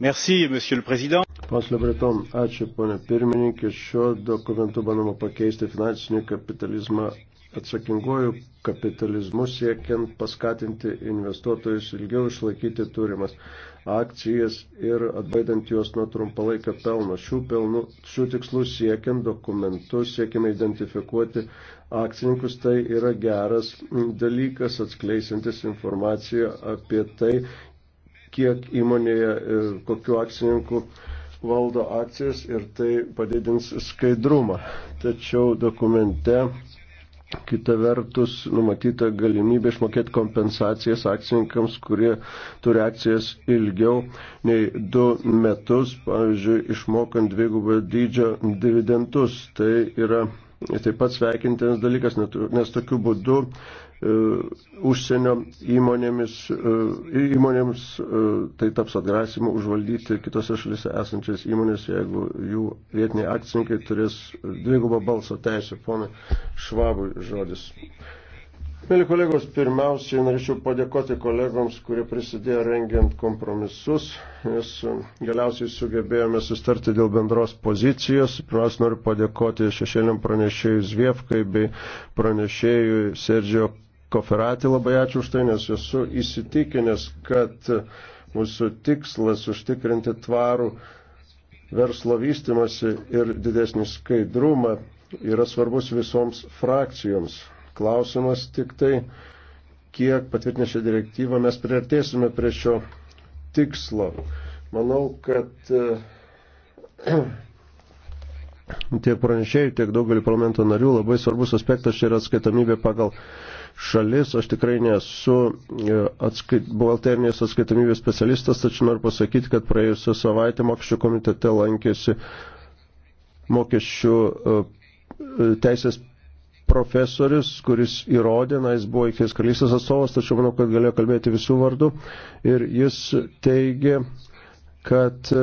Merci, monsieur le président. Pas Lebreton, ačiū, ponė pirmininkė. Šiuo dokumentu bandoma pakeisti finansinį kapitalizmą atsakinguoju kapitalizmu siekiant paskatinti investuotojus ilgiau išlaikyti turimas akcijas ir atbaidant juos nuo trumpalaikio pelno. Šių, pelnų, šių tikslų siekiant dokumentus, siekime identifikuoti akcininkus, tai yra geras dalykas atskleisintis informaciją apie tai, kiek įmonėje, kokiu akcininku valdo akcijas ir tai padidins skaidrumą. Tačiau dokumente kita vertus numatyta galimybė išmokėti kompensacijas akcininkams, kurie turi akcijas ilgiau nei du metus, pavyzdžiui, išmokant dvigubą dydžio dividendus. Tai yra taip pat sveikintinas dalykas, nes tokiu būdu E, užsienio įmonėmis, e, įmonėms e, tai taps atgrasimu užvaldyti kitose šalise esančias įmonės, jeigu jų vietiniai akcininkai turės dvigubą balso teisę. Pone Švabui žodis. Mėly kolegos, pirmiausiai norėčiau padėkoti kolegoms, kurie prisidėjo rengiant kompromisus, nes galiausiai sugebėjome sustarti dėl bendros pozicijos. Pirmiausia, noriu padėkoti šešėliam pranešėjui Zviefkai bei pranešėjui Sergio Koferatį labai ačiū už tai, nes esu įsitikinęs, kad mūsų tikslas užtikrinti tvarų verslo vystimasi ir didesnį skaidrumą yra svarbus visoms frakcijoms. Klausimas tik tai, kiek patvirtinę šią direktyvą mes priartėsime prie šio tikslo. Manau, kad eh, tiek pranešėjų, tiek daugelį parlamento narių labai svarbus aspektas čia yra atskaitomybė pagal šalis. Aš tikrai nesu e, atskait, buhalterinės atskaitomybės specialistas, tačiau noriu pasakyti, kad praėjusią savaitę mokesčių komitete lankėsi mokesčių e, teisės profesorius, kuris įrodė, na, jis buvo Ikės karalystės atstovas, tačiau manau, kad galėjo kalbėti visų vardų. Ir jis teigė, kad e,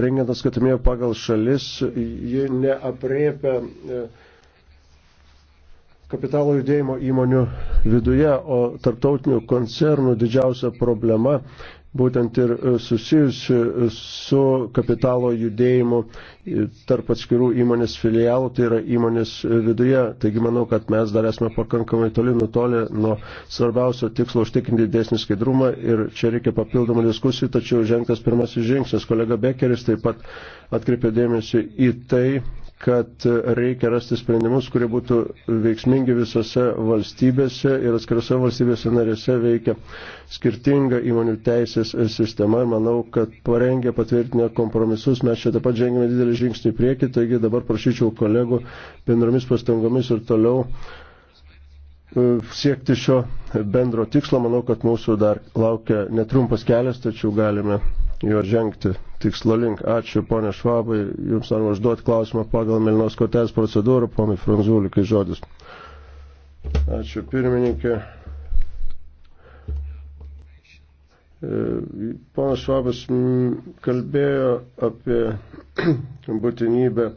rengiant atskaitomybę pagal šalis, ji neapriepia uh, kapitalo judėjimo įmonių viduje, o tarptautinių koncernų didžiausia problema būtent ir e, susijusi e, su kapitalo judėjimu e, tarp atskirų įmonės filialų, tai yra įmonės viduje. Taigi manau, kad mes dar esame pakankamai toli nutolę nuo svarbiausio tikslo užtikinti didesnį skaidrumą ir čia reikia papildomų diskusijų, tačiau žengtas pirmasis žingsnis. Kolega Bekeris taip pat atkreipė dėmesį į tai, kad reikia rasti sprendimus, kurie būtų veiksmingi visose valstybėse ir atskirose valstybėse narėse veikia skirtinga įmonių teisės sistema. Manau, kad parengė patvirtinę kompromisus, mes čia taip pat žengėme didelį žingsnį į priekį, taigi dabar prašyčiau kolegų bendromis pastangomis ir toliau e, siekti šio bendro tikslo. Manau, kad mūsų dar laukia netrumpas kelias, tačiau galime juo žengti tikslo link. Ačiū, ponė Švabai, jums norime užduoti klausimą pagal Milnos kotės procedūrą, ponai Franzulikai žodis. Ačiū, pirmininkė. E, ponas Švabas kalbėjo apie būtinybę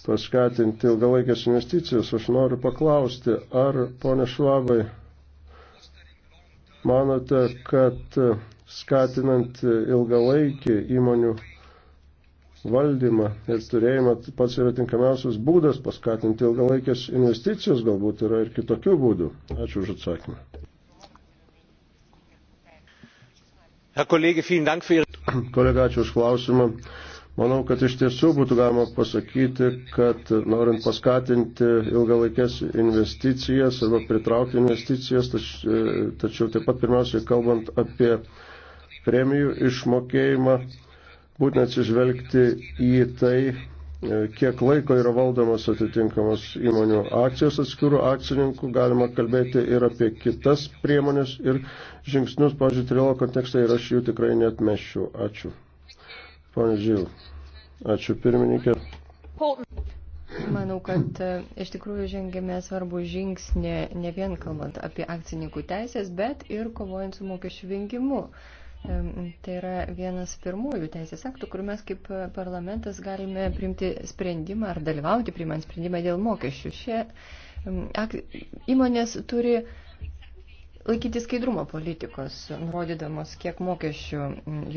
paskatinti ilgalaikės investicijas. Aš noriu paklausti, ar, ponė Švabai, manote, kad skatinant ilgalaikį įmonių valdymą ir turėjimą pats yra tinkamiausias būdas paskatinti ilgalaikės investicijos, galbūt yra ir kitokių būdų. Ačiū už atsakymą. Kolega, ačiū už klausimą. Manau, kad iš tiesų būtų galima pasakyti, kad norint paskatinti ilgalaikės investicijas arba pritraukti investicijas, tač, tačiau taip pat pirmiausiai kalbant apie premijų išmokėjimą, būtent atsižvelgti į tai, e, kiek laiko yra valdomos atitinkamos įmonių akcijos atskirų akcininkų, galima kalbėti ir apie kitas priemonės ir žingsnius, pažiūrėjau, trilo kontekstą ir aš jų tikrai net mešiu. Ačiū. Pane Žil, ačiū pirmininkė. Manau, kad e, iš tikrųjų žengėme svarbų žingsnį ne vien kalbant apie akcininkų teisės, bet ir kovojant su mokesčių vengimu. Tai yra vienas pirmųjų teisės aktų, kur mes kaip parlamentas galime primti sprendimą ar dalyvauti priimant sprendimą dėl mokesčių. Šie įmonės turi laikyti skaidrumo politikos, nurodydamos, kiek mokesčių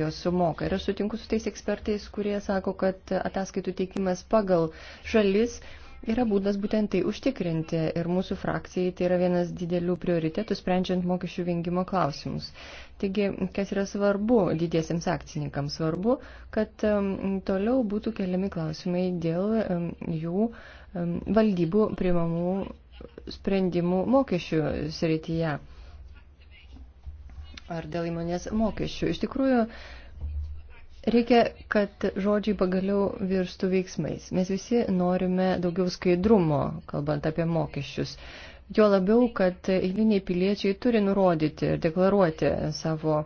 jos sumoka. Ir aš sutinku su tais ekspertais, kurie sako, kad ataskaitų teikimas pagal šalis yra būdas būtent tai užtikrinti ir mūsų frakcijai tai yra vienas didelių prioritetų sprendžiant mokesčių vengimo klausimus. Taigi, kas yra svarbu didiesiems akcininkams, svarbu, kad toliau būtų keliami klausimai dėl jų valdybų primamų sprendimų mokesčių srityje ar dėl įmonės mokesčių. Iš tikrųjų, Reikia, kad žodžiai pagaliau virstų veiksmais. Mes visi norime daugiau skaidrumo, kalbant apie mokesčius. Jo labiau, kad eiliniai piliečiai turi nurodyti ir deklaruoti savo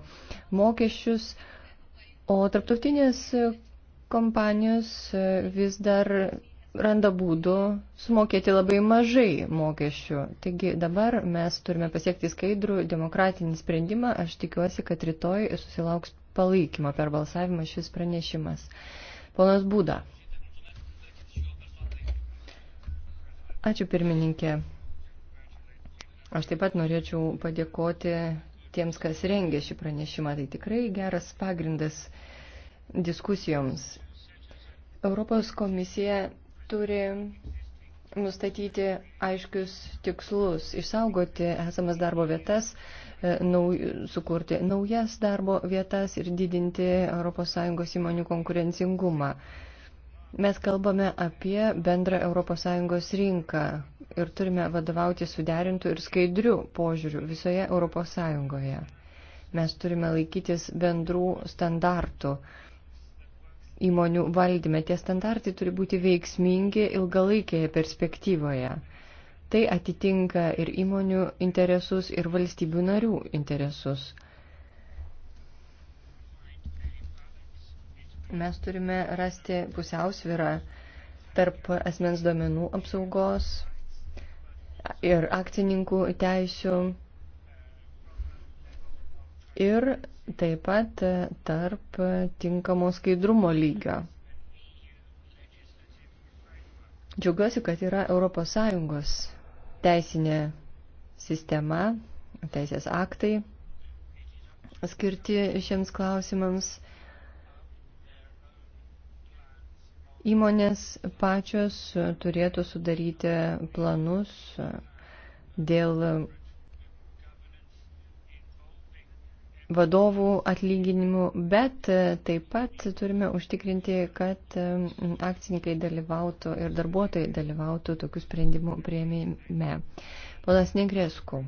mokesčius, o tarptautinės kompanijos vis dar randa būdų sumokėti labai mažai mokesčių. Taigi dabar mes turime pasiekti skaidrų demokratinį sprendimą. Aš tikiuosi, kad rytoj susilauks palaikymą per balsavimą šis pranešimas. Ponas Būda. Ačiū pirmininkė. Aš taip pat norėčiau padėkoti tiems, kas rengė šį pranešimą. Tai tikrai geras pagrindas diskusijoms. Europos komisija turi nustatyti aiškius tikslus, išsaugoti esamas darbo vietas, e, nau, sukurti naujas darbo vietas ir didinti ES įmonių konkurencingumą. Mes kalbame apie bendrą ES rinką ir turime vadovauti suderintų ir skaidrių požiūrių visoje ES. Mes turime laikytis bendrų standartų įmonių valdyme. Tie standartai turi būti veiksmingi ilgalaikėje perspektyvoje. Tai atitinka ir įmonių interesus, ir valstybių narių interesus. Mes turime rasti pusiausvyrą tarp asmens duomenų apsaugos ir akcininkų teisių ir taip pat e, tarp tinkamo skaidrumo lygio. Džiaugiuosi, kad yra ES teisinė sistema, teisės aktai skirti šiems klausimams. Įmonės pačios turėtų sudaryti planus dėl vadovų atlyginimų, bet e, taip pat turime užtikrinti, kad e, akcininkai dalyvautų ir darbuotojai dalyvautų tokių sprendimų prieimime. Ponas Negresku,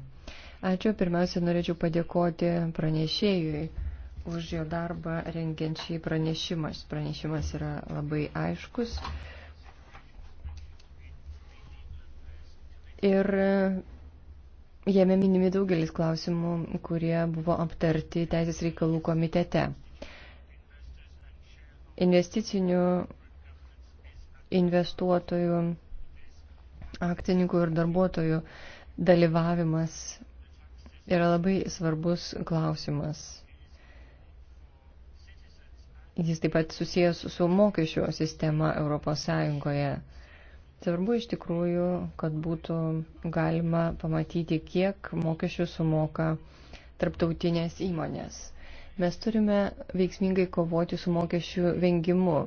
ačiū. Pirmiausia, norėčiau padėkoti pranešėjui už jo darbą rengiant šį pranešimą. Šis pranešimas yra labai aiškus. Ir Jame minimi daugelis klausimų, kurie buvo aptarti Teisės reikalų komitete. Investicinių investuotojų, akcininkų ir darbuotojų dalyvavimas yra labai svarbus klausimas. Jis taip pat susijęs su mokesčio sistema Europos Sąjungoje. Svarbu iš tikrųjų, kad būtų galima pamatyti, kiek mokesčių sumoka tarptautinės įmonės. Mes turime veiksmingai kovoti su mokesčių vengimu.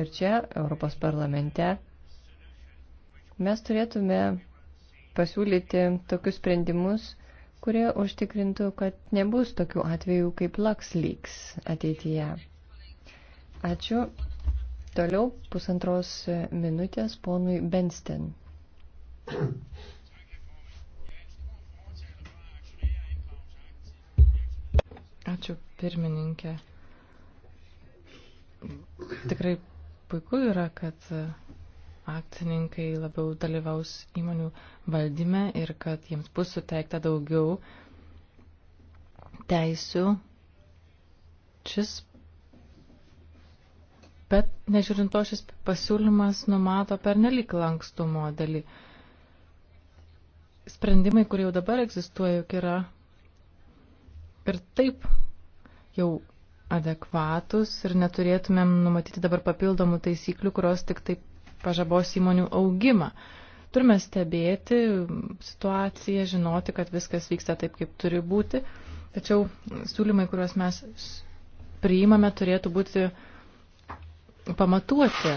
Ir čia, Europos parlamente, mes turėtume pasiūlyti tokius sprendimus, kurie užtikrintų, kad nebus tokių atvejų kaip LuxLeaks ateityje. Ačiū. Toliau pusantros minutės ponui Bensten. Ačiū pirmininkė. Tikrai puiku yra, kad akcininkai labiau dalyvaus įmonių valdyme ir kad jiems bus suteikta daugiau teisių. Šis Bet nežiūrint to, šis pasiūlymas numato per nelik lankstų modelį. Sprendimai, kurie jau dabar egzistuoja, juk yra ir taip jau adekvatus ir neturėtumėm numatyti dabar papildomų taisyklių, kurios tik taip pažabos įmonių augimą. Turime stebėti situaciją, žinoti, kad viskas vyksta taip, kaip turi būti, tačiau siūlymai, kuriuos mes priimame, turėtų būti uh, pamatuoti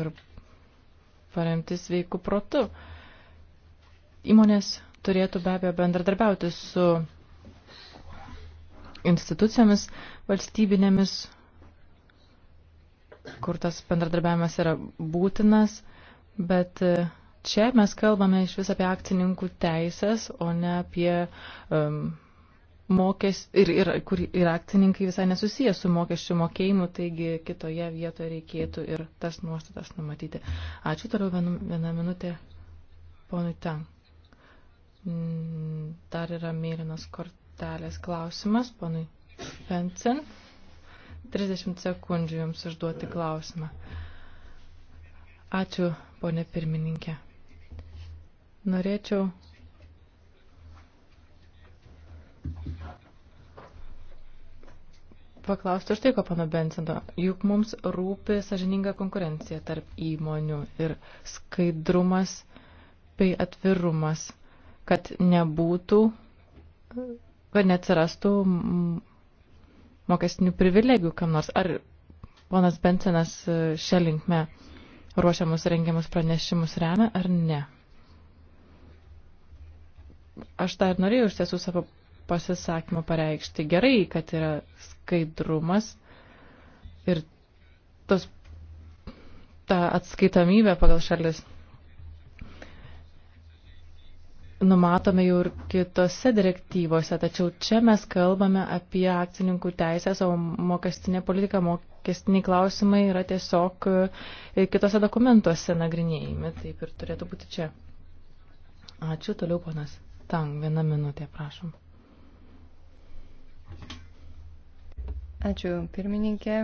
ir paremti sveiku protu. Įmonės turėtų be abejo bendradarbiauti su institucijomis valstybinėmis, kur tas bendradarbiavimas yra būtinas, bet čia mes kalbame iš vis apie akcininkų teisės, o ne apie um, mokes, ir, ir, kur, ir akcininkai visai nesusiję su mokesčių mokėjimu, taigi kitoje vietoje reikėtų ir tas nuostatas numatyti. Ačiū toliau vienu, vieną minutę, ponui ten. Mm, dar yra mėlynas kortelės klausimas, ponui Fencen. 30 sekundžių jums užduoti klausimą. Ačiū, ponė pirmininkė. Norėčiau paklausti štai ko pana Bensendo. Juk mums rūpi sažininga konkurencija tarp įmonių ir skaidrumas bei atvirumas, kad nebūtų, kad neatsirastų mokestinių privilegijų kam nors. Ar ponas Bensenas e, šią linkme ruošiamus rengiamus pranešimus remia ar ne? Aš dar norėjau iš tiesų savo pasisakymą pareikšti. Gerai, kad yra skaidrumas ir tos, ta atskaitomybė pagal šalis. Numatome jau ir kitose direktyvose, tačiau čia mes kalbame apie akcininkų teisės, o mokestinė politika, mokestiniai klausimai yra tiesiog e, kitose dokumentuose nagrinėjami. Taip ir turėtų būti čia. Ačiū, toliau ponas Tang, vieną minutę, prašom. Ačiū, pirmininkė.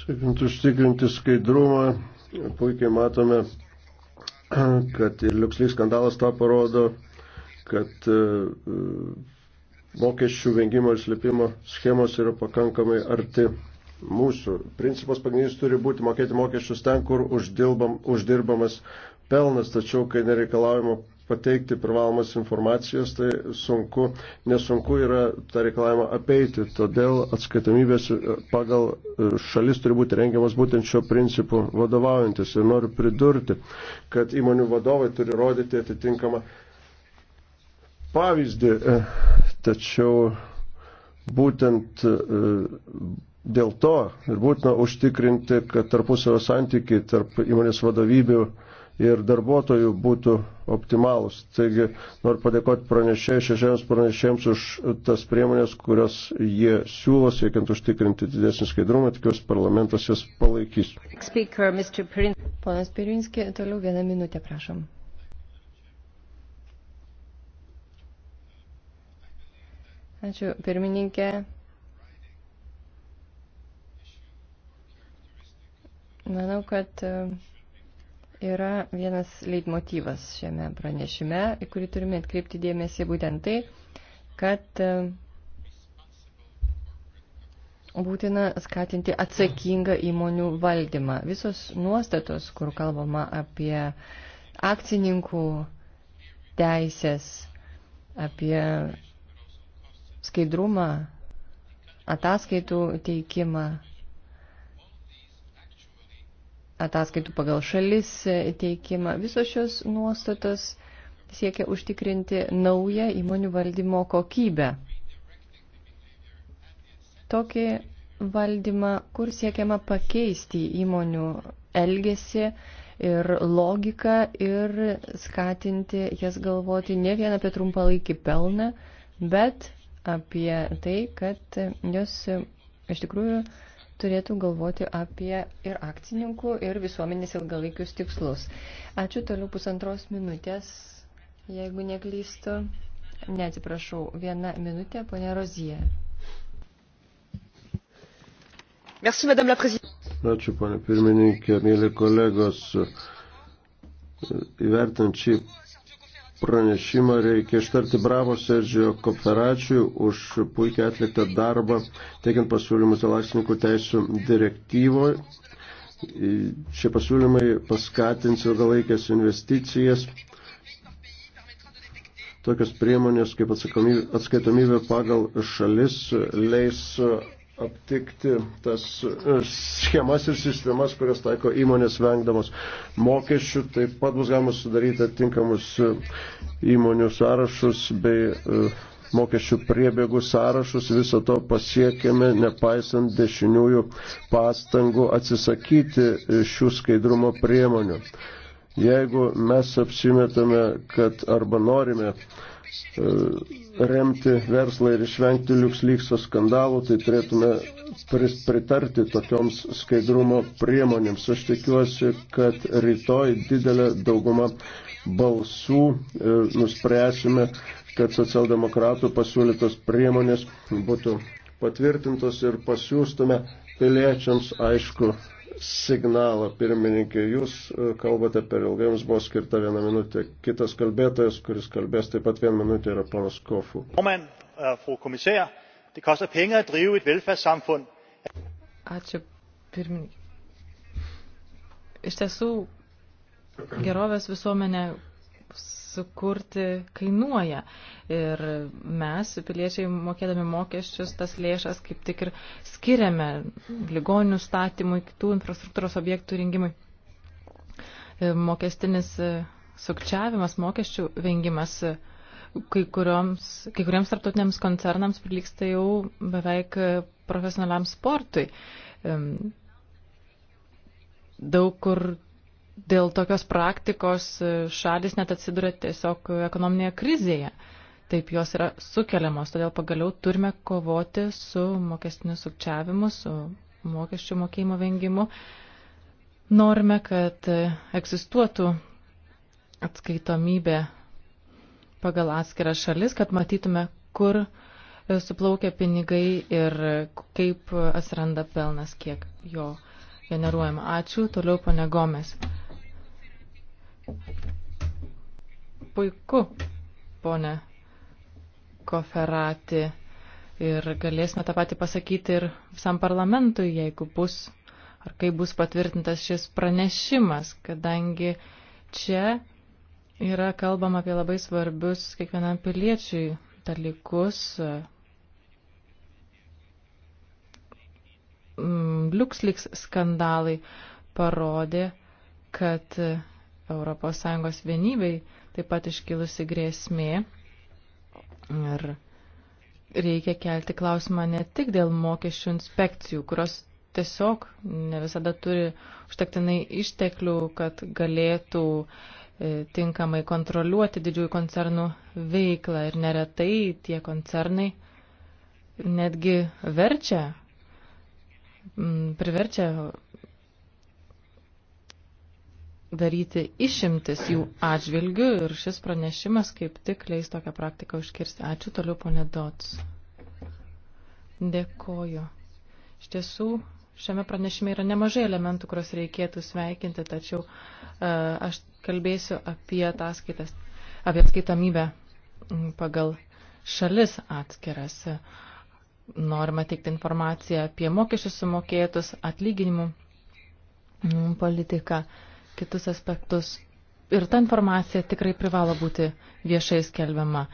Siekiant užtikrinti skaidrumą, puikiai matome, kad ir liuksly skandalas tą parodo, kad e, mokesčių vengimo ir slėpimo schemos yra pakankamai arti mūsų. Principas pagrindinis turi būti mokėti mokesčius ten, kur uždirbam, uždirbamas pelnas, tačiau kai nereikalaujama pateikti privalomas informacijos, tai sunku, nesunku yra tą reikalavimą apeiti. Todėl atskaitomybės pagal šalis turi būti rengiamas būtent šio principu vadovaujantis. Ir noriu pridurti, kad įmonių vadovai turi rodyti atitinkamą pavyzdį. Tačiau būtent e, dėl to ir būtina užtikrinti, kad tarpusavio santykiai tarp įmonės vadovybių ir darbuotojų būtų optimalus. Taigi noriu padėkoti pranešėjai, šešiems pranešėjams už tas priemonės, kurias jie siūlo, siekiant užtikrinti didesnį skaidrumą, tikiuosi parlamentas jas palaikys. Speaker, Ponas Pirinski, toliau vieną minutę, prašom. Ačiū, pirmininkė. Manau, kad uh, yra vienas leitmotyvas šiame pranešime, į kurį turime atkreipti dėmesį būtent tai, kad e, būtina skatinti atsakingą įmonių valdymą. Visos nuostatos, kur kalbama apie akcininkų teisės, apie skaidrumą, ataskaitų teikimą, ataskaitų pagal šalis teikimą. Visos šios nuostatos siekia užtikrinti naują įmonių valdymo kokybę. Tokį valdymą, kur siekiama pakeisti įmonių elgesį ir logiką ir skatinti jas galvoti ne vien apie trumpalaikį pelną, bet apie tai, kad jos iš tikrųjų turėtų galvoti apie ir akcininkų, ir visuomenės ilgalaikius tikslus. Ačiū toliau pusantros minutės, jeigu neklystu. Neatsiprašau, viena minutė, ponė Rozija. Merci, madame la présidente. Ačiū, ponė pirmininkė, mėly kolegos. Įvertinant šį pranešimą reikia ištarti bravo Sergio Koperačiui už puikiai atliktą darbą, teikiant pasiūlymus dėl akcininkų teisų direktyvoje. Šie pasiūlymai paskatins ilgalaikės investicijas. Tokios priemonės kaip atskaitomybė pagal šalis leis aptikti tas e, schemas ir sistemas, kurias taiko įmonės vengdamos mokesčių. Taip pat bus galima sudaryti atitinkamus e, įmonių sąrašus bei e, mokesčių priebėgų sąrašus, viso to pasiekėme, nepaisant dešiniųjų pastangų atsisakyti šių skaidrumo priemonių. Jeigu mes apsimetame, kad arba norime E, remti verslą ir išvengti liukslikso skandalų, tai turėtume pritarti tokioms skaidrumo priemonėms. Aš tikiuosi, kad rytoj didelė dauguma balsų e, nuspręsime, kad socialdemokratų pasiūlytos priemonės būtų patvirtintos ir pasiūstume piliečiams aišku signalą, pirmininkė. Jūs e, kalbate per ilgai, jums buvo skirta viena minutė. Kitas kalbėtojas, kuris kalbės taip pat vieną minutę, yra ponas Kofu. E, Ačiū, pirmininkė. Iš tiesų, gerovės visuomenė sukurti kainuoja. Ir mes, piliečiai, mokėdami mokesčius, tas lėšas kaip tik ir skiriame ligonių statymui, kitų infrastruktūros objektų rengimui. E, mokestinis e, sukčiavimas, mokesčių vengimas e, kai, kurioms, kai kuriems tarptautiniams koncernams prilyksta jau beveik profesionaliam sportui. Daug kur dėl tokios praktikos e, šalis net atsiduria tiesiog ekonominėje krizėje. Taip jos yra sukeliamos, todėl pagaliau turime kovoti su mokestiniu sukčiavimu, su mokesčių mokėjimo vengimu. Norime, kad e, egzistuotų atskaitomybė pagal atskirą šalis, kad matytume, kur e, suplaukia pinigai ir kaip atsiranda pelnas, kiek jo generuojama. Ačiū, toliau pane Gomes. puiku, ponė Koferati. Ir galėsime tą patį pasakyti ir visam parlamentui, jeigu bus ar kai bus patvirtintas šis pranešimas, kadangi čia yra kalbama apie labai svarbius kiekvienam piliečiui dalykus. Mm, Liuksliks skandalai parodė, kad ES vienybei taip pat iškilusi grėsmė. Ir reikia kelti klausimą ne tik dėl mokesčių inspekcijų, kurios tiesiog ne visada turi užtektinai išteklių, kad galėtų e, tinkamai kontroliuoti didžiųjų koncernų veiklą ir neretai tie koncernai netgi verčia, priverčia daryti išimtis jų atžvilgių ir šis pranešimas kaip tik leis tokią praktiką užkirsti. Ačiū toliau, ponė Dots. Dėkoju. Iš tiesų, šiame pranešime yra nemažai elementų, kuriuos reikėtų sveikinti, tačiau uh, aš kalbėsiu apie ataskaitas, apie atskaitomybę pagal šalis atskiras. Norima teikti informaciją apie mokesčius sumokėtus, atlyginimų politiką. Uh, kitus aspektus. Ir ta informacija tikrai privalo būti viešai skelbiama,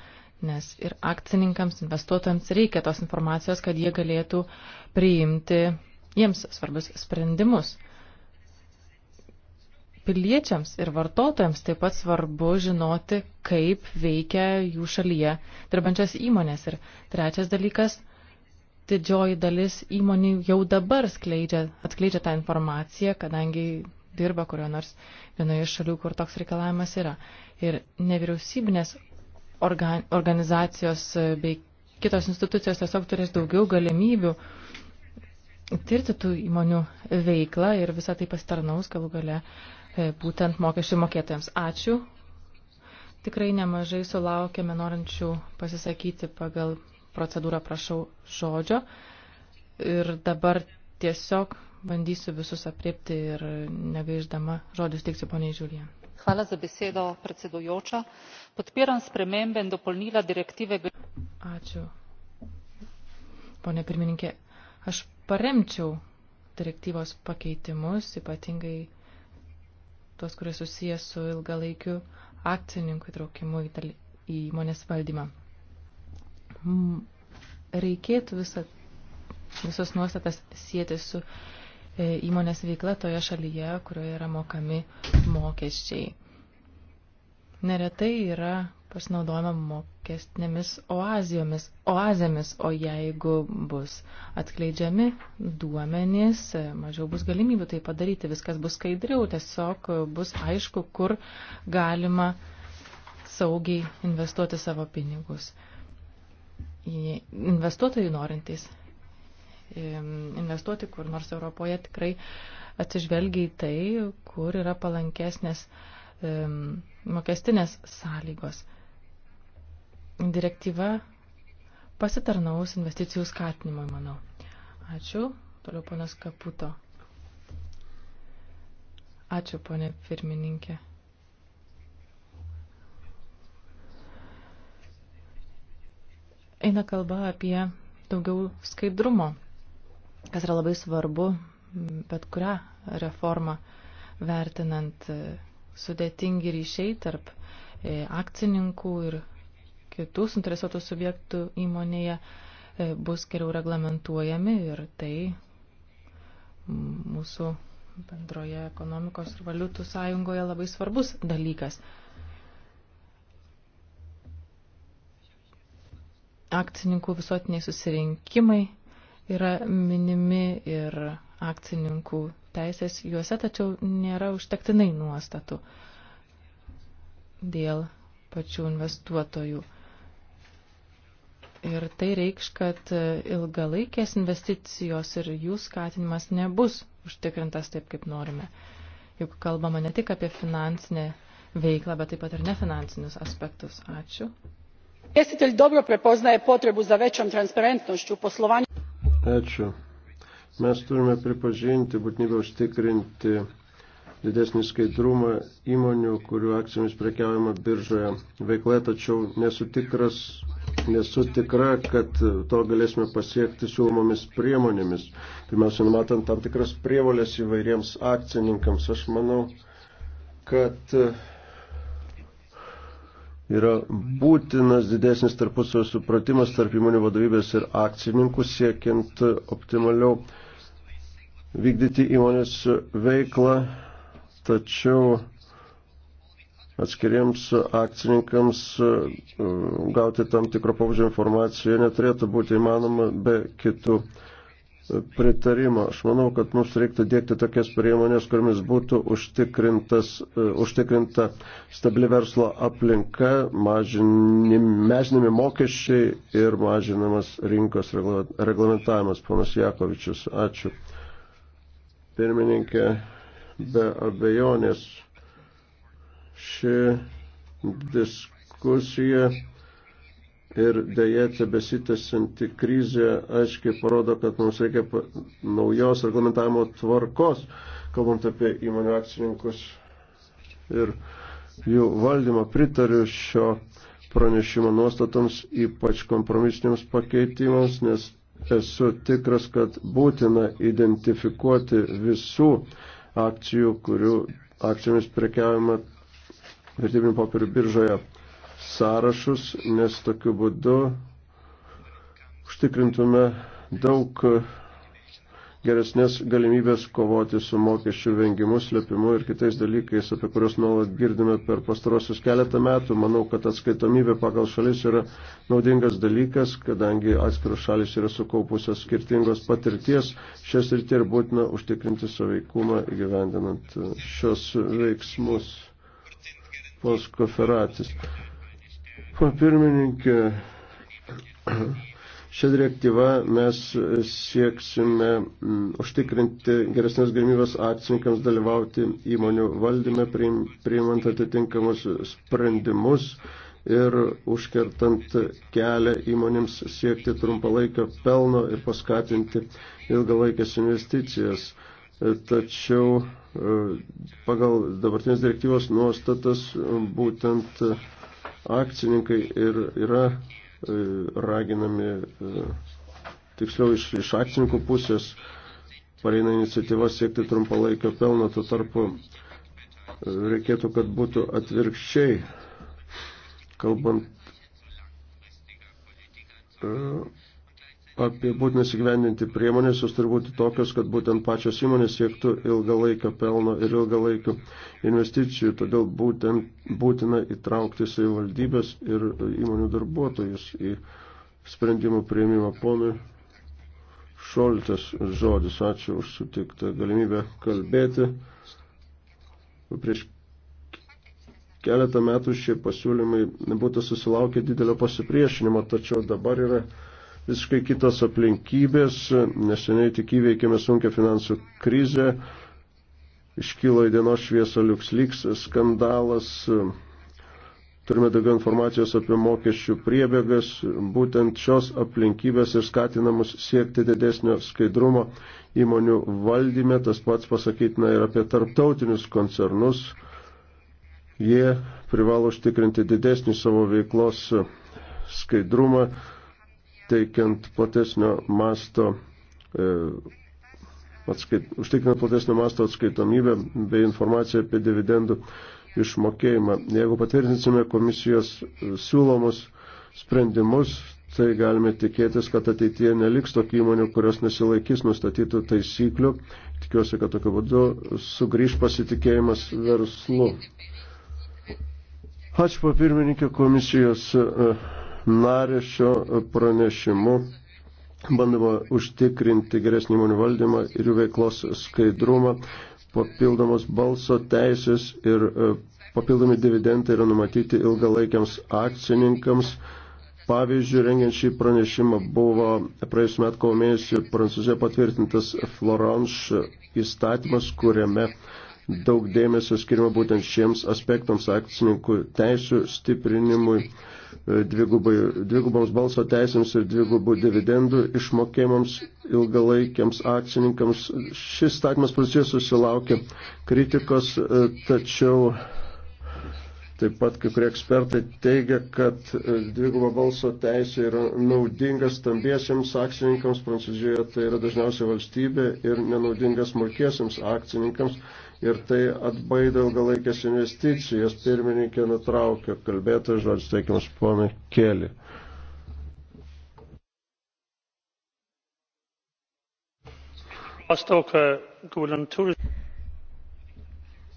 nes ir akcininkams, investuotojams reikia tos informacijos, kad jie galėtų priimti jiems svarbius sprendimus. Piliečiams ir vartotojams taip pat svarbu žinoti, kaip veikia jų šalyje dirbančias įmonės. Ir trečias dalykas didžioji dalis įmonių jau dabar skleidžia, atskleidžia tą informaciją, kadangi dirba kurio nors vienoje iš šalių, kur toks reikalavimas yra. Ir nevyriausybinės organ, organizacijos e, bei kitos institucijos tiesiog turės daugiau galimybių tirti tų įmonių veiklą ir visą tai pasitarnaus galų gale e, būtent mokesčių mokėtojams. Ačiū. Tikrai nemažai sulaukėme norinčių pasisakyti pagal procedūrą prašau žodžio. Ir dabar tiesiog Bandysiu visus apriepti ir negaiždama žodžius teiksiu poniai Žiulija. Hvala za besedo, predsedujoča. Podpiram spremembe in dopolnila direktive. Ačiū. Pone pirmininkė, aš paremčiau direktyvos pakeitimus, ypatingai tuos, kurie susijęs su ilgalaikiu akcininkų įtraukimu į, dalį, į įmonės valdymą. Reikėtų visą, visas nuostatas sėti su E, įmonės veikla toje šalyje, kurioje yra mokami mokesčiai. Neretai yra pasinaudojama mokestinėmis oazijomis, oazėmis, o jeigu bus atskleidžiami duomenys, e, mažiau bus galimybių tai padaryti, viskas bus skaidriau, tiesiog bus aišku, kur galima saugiai investuoti savo pinigus. Investuotojai norintys investuoti kur nors Europoje, tikrai atsižvelgia į tai, kur yra palankesnės mokestinės sąlygos. Direktyva pasitarnaus investicijų skatinimui, manau. Ačiū. Toliau ponas Kaputo. Ačiū, ponė pirmininkė. Eina kalba apie daugiau skaidrumo kas yra labai svarbu, bet kurią reformą vertinant e, sudėtingi ryšiai tarp e, akcininkų ir kitų suinteresuotų subjektų įmonėje e, bus geriau reglamentuojami ir tai mūsų bendroje ekonomikos ir valiutų sąjungoje labai svarbus dalykas. Akcininkų visuotiniai susirinkimai yra minimi ir akcininkų teisės juose, tačiau nėra užtektinai nuostatų dėl pačių investuotojų. Ir tai reikš, kad ilgalaikės investicijos ir jų skatinimas nebus užtikrintas taip, kaip norime. Juk kalbama ne tik apie finansinę veiklą, bet taip pat ir nefinansinius aspektus. Ačiū. Izvjestitelj dobro prepoznaje potrebu za većom transparentnošću u poslovanju Ačiū. Mes turime pripažinti būtinybę užtikrinti didesnį skaidrumą įmonių, kurių akcijomis prekiaujama biržoje veikloje, tačiau nesutikras, nesutikra, kad to galėsime pasiekti siūlomomis priemonėmis. Pirmiausia, numatant tam tikras prievolės įvairiems akcininkams, aš manau, kad yra būtinas didesnis tarpusavio supratimas tarp įmonių vadovybės ir akcininkų siekiant optimaliau vykdyti įmonės veiklą, tačiau atskiriems akcininkams uh, gauti tam tikro pavyzdžio informaciją neturėtų būti įmanoma be kitų pritarimo. Aš manau, kad mums reiktų dėkti tokias priemonės, kuriamis būtų e, užtikrinta stabili verslo aplinka, mažinami mokesčiai ir mažinamas rinkos reglamentavimas. Ponas Jakovičius, ačiū. Pirmininkė, be abejonės ši diskusija ir dėja tebesitęsianti krizė aiškiai parodo, kad mums reikia naujos reglamentavimo tvarkos, kalbant apie įmonių akcininkus ir jų valdymą. Pritariu šio pranešimo nuostatoms, ypač kompromisiniams pakeitimams, nes esu tikras, kad būtina identifikuoti visų akcijų, kurių akcijomis prekiavima vertybinių popierių biržoje sąrašus, nes tokiu būdu užtikrintume daug geresnės galimybės kovoti su mokesčių vengimu, slėpimu ir kitais dalykais, apie kuriuos nuolat girdime per pastarosius keletą metų. Manau, kad atskaitomybė pagal šalis yra naudingas dalykas, kadangi atskiros šalis yra sukaupusios skirtingos patirties. Šias rytį ir būtina užtikrinti saveikumą įgyvendinant šios veiksmus. Pons Koferatis. Pana pirmininkė, šią direktyvą mes sieksime mm, užtikrinti geresnės galimybės akcininkams dalyvauti įmonių valdyme, priimant atitinkamus sprendimus ir užkertant kelią įmonėms siekti trumpalaikio pelno ir paskatinti ilgalaikės investicijas. Tačiau e, pagal dabartinės direktyvos nuostatas būtent akcininkai ir yra e, raginami, e, tiksliau iš, iš akcininkų pusės pareina iniciatyva siekti trumpalaikio pelno, tuo tarpu e, reikėtų, kad būtų atvirkščiai, kalbant apie būtinas įgyvendinti priemonės, jos turi būti tokios, kad būtent pačios įmonės siektų ilgalaikio pelno ir ilgalaikių investicijų. Todėl būtent būtina įtraukti savivaldybės ir įmonių darbuotojus į sprendimų prieimimą. Ponui Šoltas žodis, ačiū už sutiktą galimybę kalbėti. Prieš keletą metų šie pasiūlymai būtų susilaukę didelio pasipriešinimo, tačiau dabar yra visiškai kitos aplinkybės, neseniai tik įveikėme sunkia finansų krizę, iškilo į dienos šviesą LuxLeaks skandalas, turime daugiau informacijos apie mokesčių priebėgas, būtent šios aplinkybės ir skatinamus siekti didesnio skaidrumo įmonių valdyme, tas pats pasakytina ir apie tarptautinius koncernus, jie privalo užtikrinti didesnį savo veiklos skaidrumą, teikiant platesnio masto, e, atskait, užtikrinant platesnio masto atskaitomybę bei informaciją apie dividendų išmokėjimą. Jeigu patvirtinsime komisijos siūlomus sprendimus, tai galime tikėtis, kad ateityje neliks tokių įmonių, kurios nesilaikys nustatytų taisyklių. Tikiuosi, kad tokiu būdu sugrįž pasitikėjimas verslu. Ačiū papirmininkė komisijos e, narešio pranešimu bandoma užtikrinti geresnį įmonių valdymą ir jų veiklos skaidrumą, papildomos balso teisės ir e, papildomi dividendai yra numatyti ilgalaikiams akcininkams. Pavyzdžiui, rengiant šį pranešimą buvo praėjusiu metu kovo mėnesį Prancūzijoje patvirtintas Florence įstatymas, kuriame daug dėmesio skirima būtent šiems aspektams akcininkų teisų stiprinimui dviguboms balso teisėms ir dvigubų dividendų išmokėjimams ilgalaikiams akcininkams. Šis statymas pozicija susilaukė kritikos, tačiau taip pat kai kurie ekspertai teigia, kad dvigubo balso teisė yra naudinga stambiesiems akcininkams, Prancūzijoje tai yra dažniausiai valstybė ir nenaudingas smulkiesiems akcininkams ir tai atbaido ilgalaikės investicijos. Pirmininkė nutraukė kalbėtą žodžius, teikiamas ponai Keli.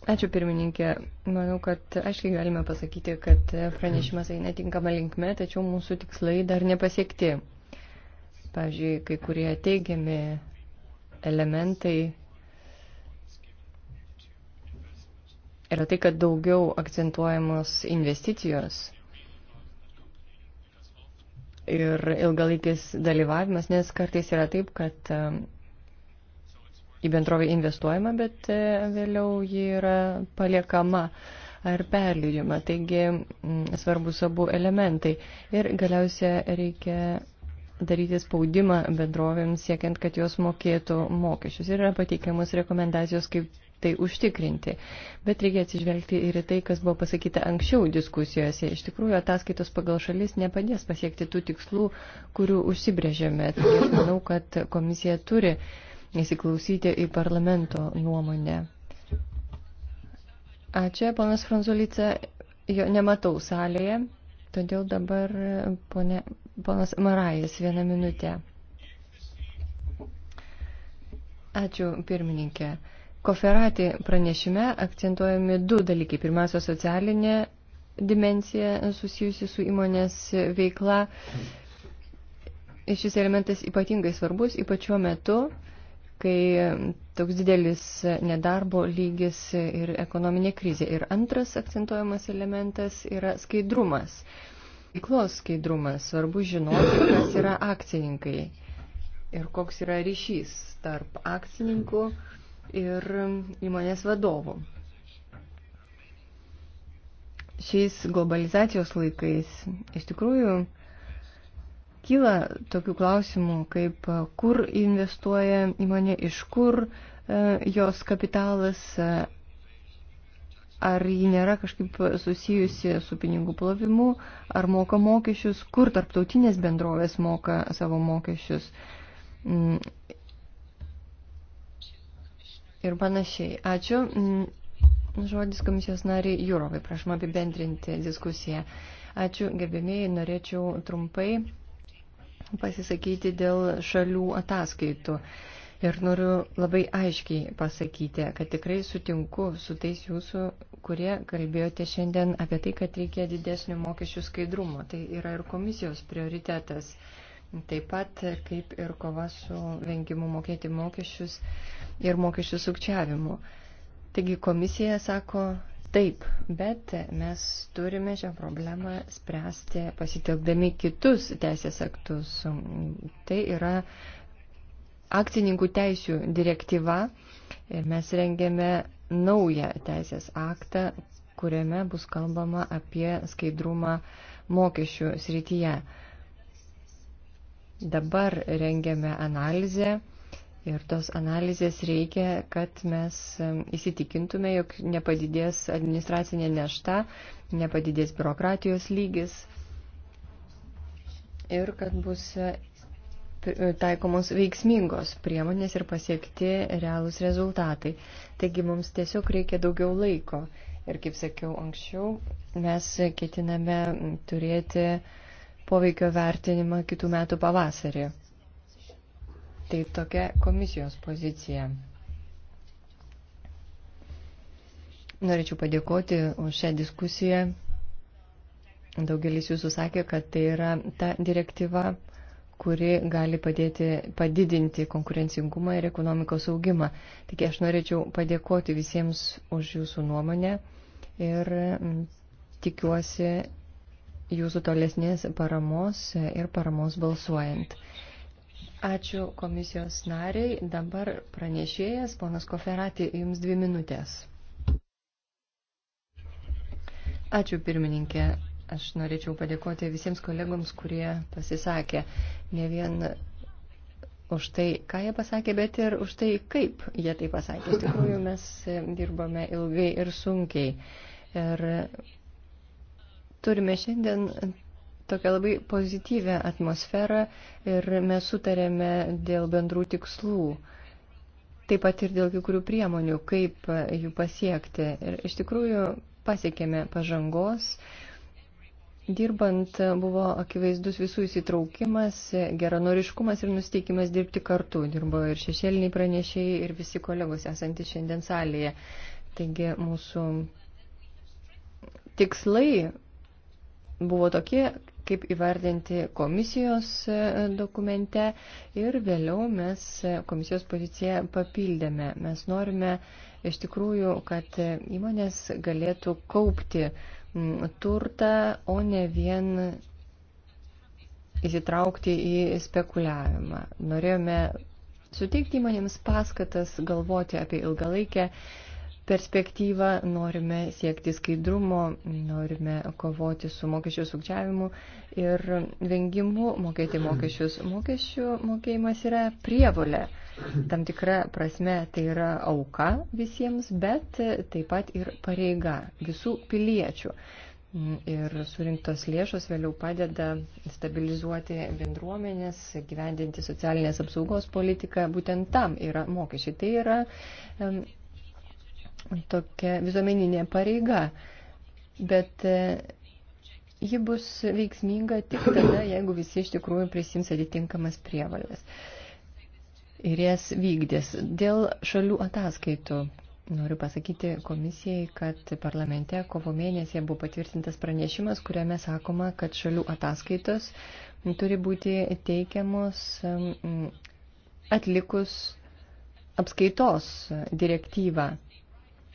Ačiū pirmininkė. Manau, kad aiškiai galime pasakyti, kad pranešimas eina tinkama linkme, tačiau mūsų tikslai dar nepasiekti. Pavyzdžiui, kai kurie teigiami elementai yra tai, kad daugiau akcentuojamos investicijos ir ilgalaikis dalyvavimas, nes kartais yra taip, kad į bendrovę investuojama, bet e, vėliau ji yra paliekama ar perleidžiama. Taigi svarbus abu elementai. Ir galiausia reikia daryti spaudimą bendrovėms, siekiant, kad jos mokėtų mokesčius. Ir yra pateikiamos rekomendacijos, kaip tai užtikrinti. Bet reikia atsižvelgti ir į tai, kas buvo pasakyta anksčiau diskusijose. Iš tikrųjų, ataskaitos pagal šalis nepadės pasiekti tų tikslų, kurių užsibrėžėme. Tai aš manau, kad komisija turi įsiklausyti į parlamento nuomonę. Ačiū, ponas Franzulica, jo nematau salėje, todėl dabar pone, ponas Marajas vieną minutę. Ačiū, pirmininkė. Koferati pranešime akcentuojami du dalykai. Pirmiausia, socialinė dimensija susijusi su įmonės veikla. Šis elementas ypatingai svarbus, ypač šiuo metu, kai toks didelis nedarbo lygis ir ekonominė krizė. Ir antras akcentuojamas elementas yra skaidrumas. Veiklos skaidrumas. Svarbu žinoti, kas yra akcininkai ir koks yra ryšys tarp akcininkų. Mm ir įmonės vadovų. Šiais globalizacijos laikais iš tikrųjų kyla tokių klausimų, kaip e, kur investuoja įmonė, iš kur e, jos kapitalas, e, ar ji nėra kažkaip susijusi su pinigų plovimu, ar moka mokesčius, kur tarptautinės bendrovės moka savo mokesčius. Mm, ir panašiai. Ačiū. Mm, žodis komisijos nariai Jūrovai, prašom apibendrinti diskusiją. Ačiū, gerbėmėjai, norėčiau trumpai pasisakyti dėl šalių ataskaitų. Ir noriu labai aiškiai pasakyti, kad tikrai sutinku su tais jūsų, kurie kalbėjote šiandien apie tai, kad reikia didesnio mokesčių skaidrumo. Tai yra ir komisijos prioritetas. Taip pat kaip ir kova su vengimu mokėti mokesčius ir mokesčių sukčiavimu. Taigi komisija sako taip, bet mes turime šią problemą spręsti pasitelkdami kitus teisės aktus. Tai yra akcininkų teisių direktyva ir mes rengėme naują teisės aktą, kuriame bus kalbama apie skaidrumą mokesčių srityje. Dabar rengiame analizę ir tos analizės reikia, kad mes um, įsitikintume, jog nepadidės administracinė nešta, nepadidės biurokratijos lygis ir kad bus uh, uh, taikomos veiksmingos priemonės ir pasiekti realūs rezultatai. Taigi mums tiesiog reikia daugiau laiko. Ir kaip sakiau anksčiau, mes ketiname turėti poveikio vertinimą kitų metų pavasarį. Tai tokia komisijos pozicija. Norėčiau padėkoti už šią diskusiją. Daugelis jūsų sakė, kad tai yra ta direktyva, kuri gali padėti padidinti konkurencingumą ir ekonomikos augimą. Tik aš norėčiau padėkoti visiems už jūsų nuomonę ir tikiuosi jūsų tolesnės paramos ir paramos balsuojant. Ačiū komisijos nariai. Dabar pranešėjas, ponas Koferati, jums dvi minutės. Ačiū pirmininkė. Aš norėčiau padėkoti visiems kolegoms, kurie pasisakė. Ne vien už tai, ką jie pasakė, bet ir už tai, kaip jie tai pasakė. Iš tikrųjų, mes dirbome ilgai ir sunkiai. Ir Turime šiandien tokią labai pozityvę atmosferą ir mes sutarėme dėl bendrų tikslų. Taip pat ir dėl kai kurių priemonių, kaip jų pasiekti. Ir iš tikrųjų pasiekėme pažangos. Dirbant buvo akivaizdus visų įsitraukimas, geranoriškumas ir nusteikimas dirbti kartu. Dirbo ir šešėliniai pranešėjai, ir visi kolegos esantys šiandien salėje. Taigi mūsų tikslai buvo tokie, kaip įvardinti komisijos e, dokumente ir vėliau mes e, komisijos poziciją papildėme. Mes norime iš tikrųjų, kad e, įmonės galėtų kaupti turtą, o ne vien įsitraukti į spekuliavimą. Norėjome suteikti įmonėms paskatas galvoti apie ilgalaikę perspektyvą, norime siekti skaidrumo, norime kovoti su mokesčių sukčiavimu ir vengimu mokėti mokesčius. Mokesčių mokėjimas yra prievolė. Tam tikra prasme tai yra auka visiems, bet taip pat ir pareiga visų piliečių. Ir surinktos lėšos vėliau padeda stabilizuoti bendruomenės, gyvendinti socialinės apsaugos politiką. Būtent tam yra mokesčiai. Tai yra tokia visuomeninė pareiga, bet e, ji bus veiksminga tik tada, jeigu visi iš tikrųjų prisims atitinkamas prievalės ir jas vykdys. Dėl šalių ataskaitų Noriu pasakyti komisijai, kad parlamente kovo mėnesį buvo patvirtintas pranešimas, kuriame sakoma, kad šalių ataskaitos turi būti teikiamos mm, atlikus apskaitos direktyvą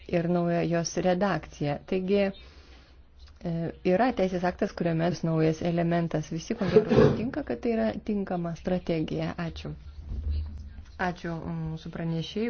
ir naują jos redakciją. Taigi, e, Yra teisės aktas, kuriame naujas elementas. Visi, ko gero, sutinka, kad tai yra tinkama strategija. Ačiū. Ačiū mūsų pranešėjai.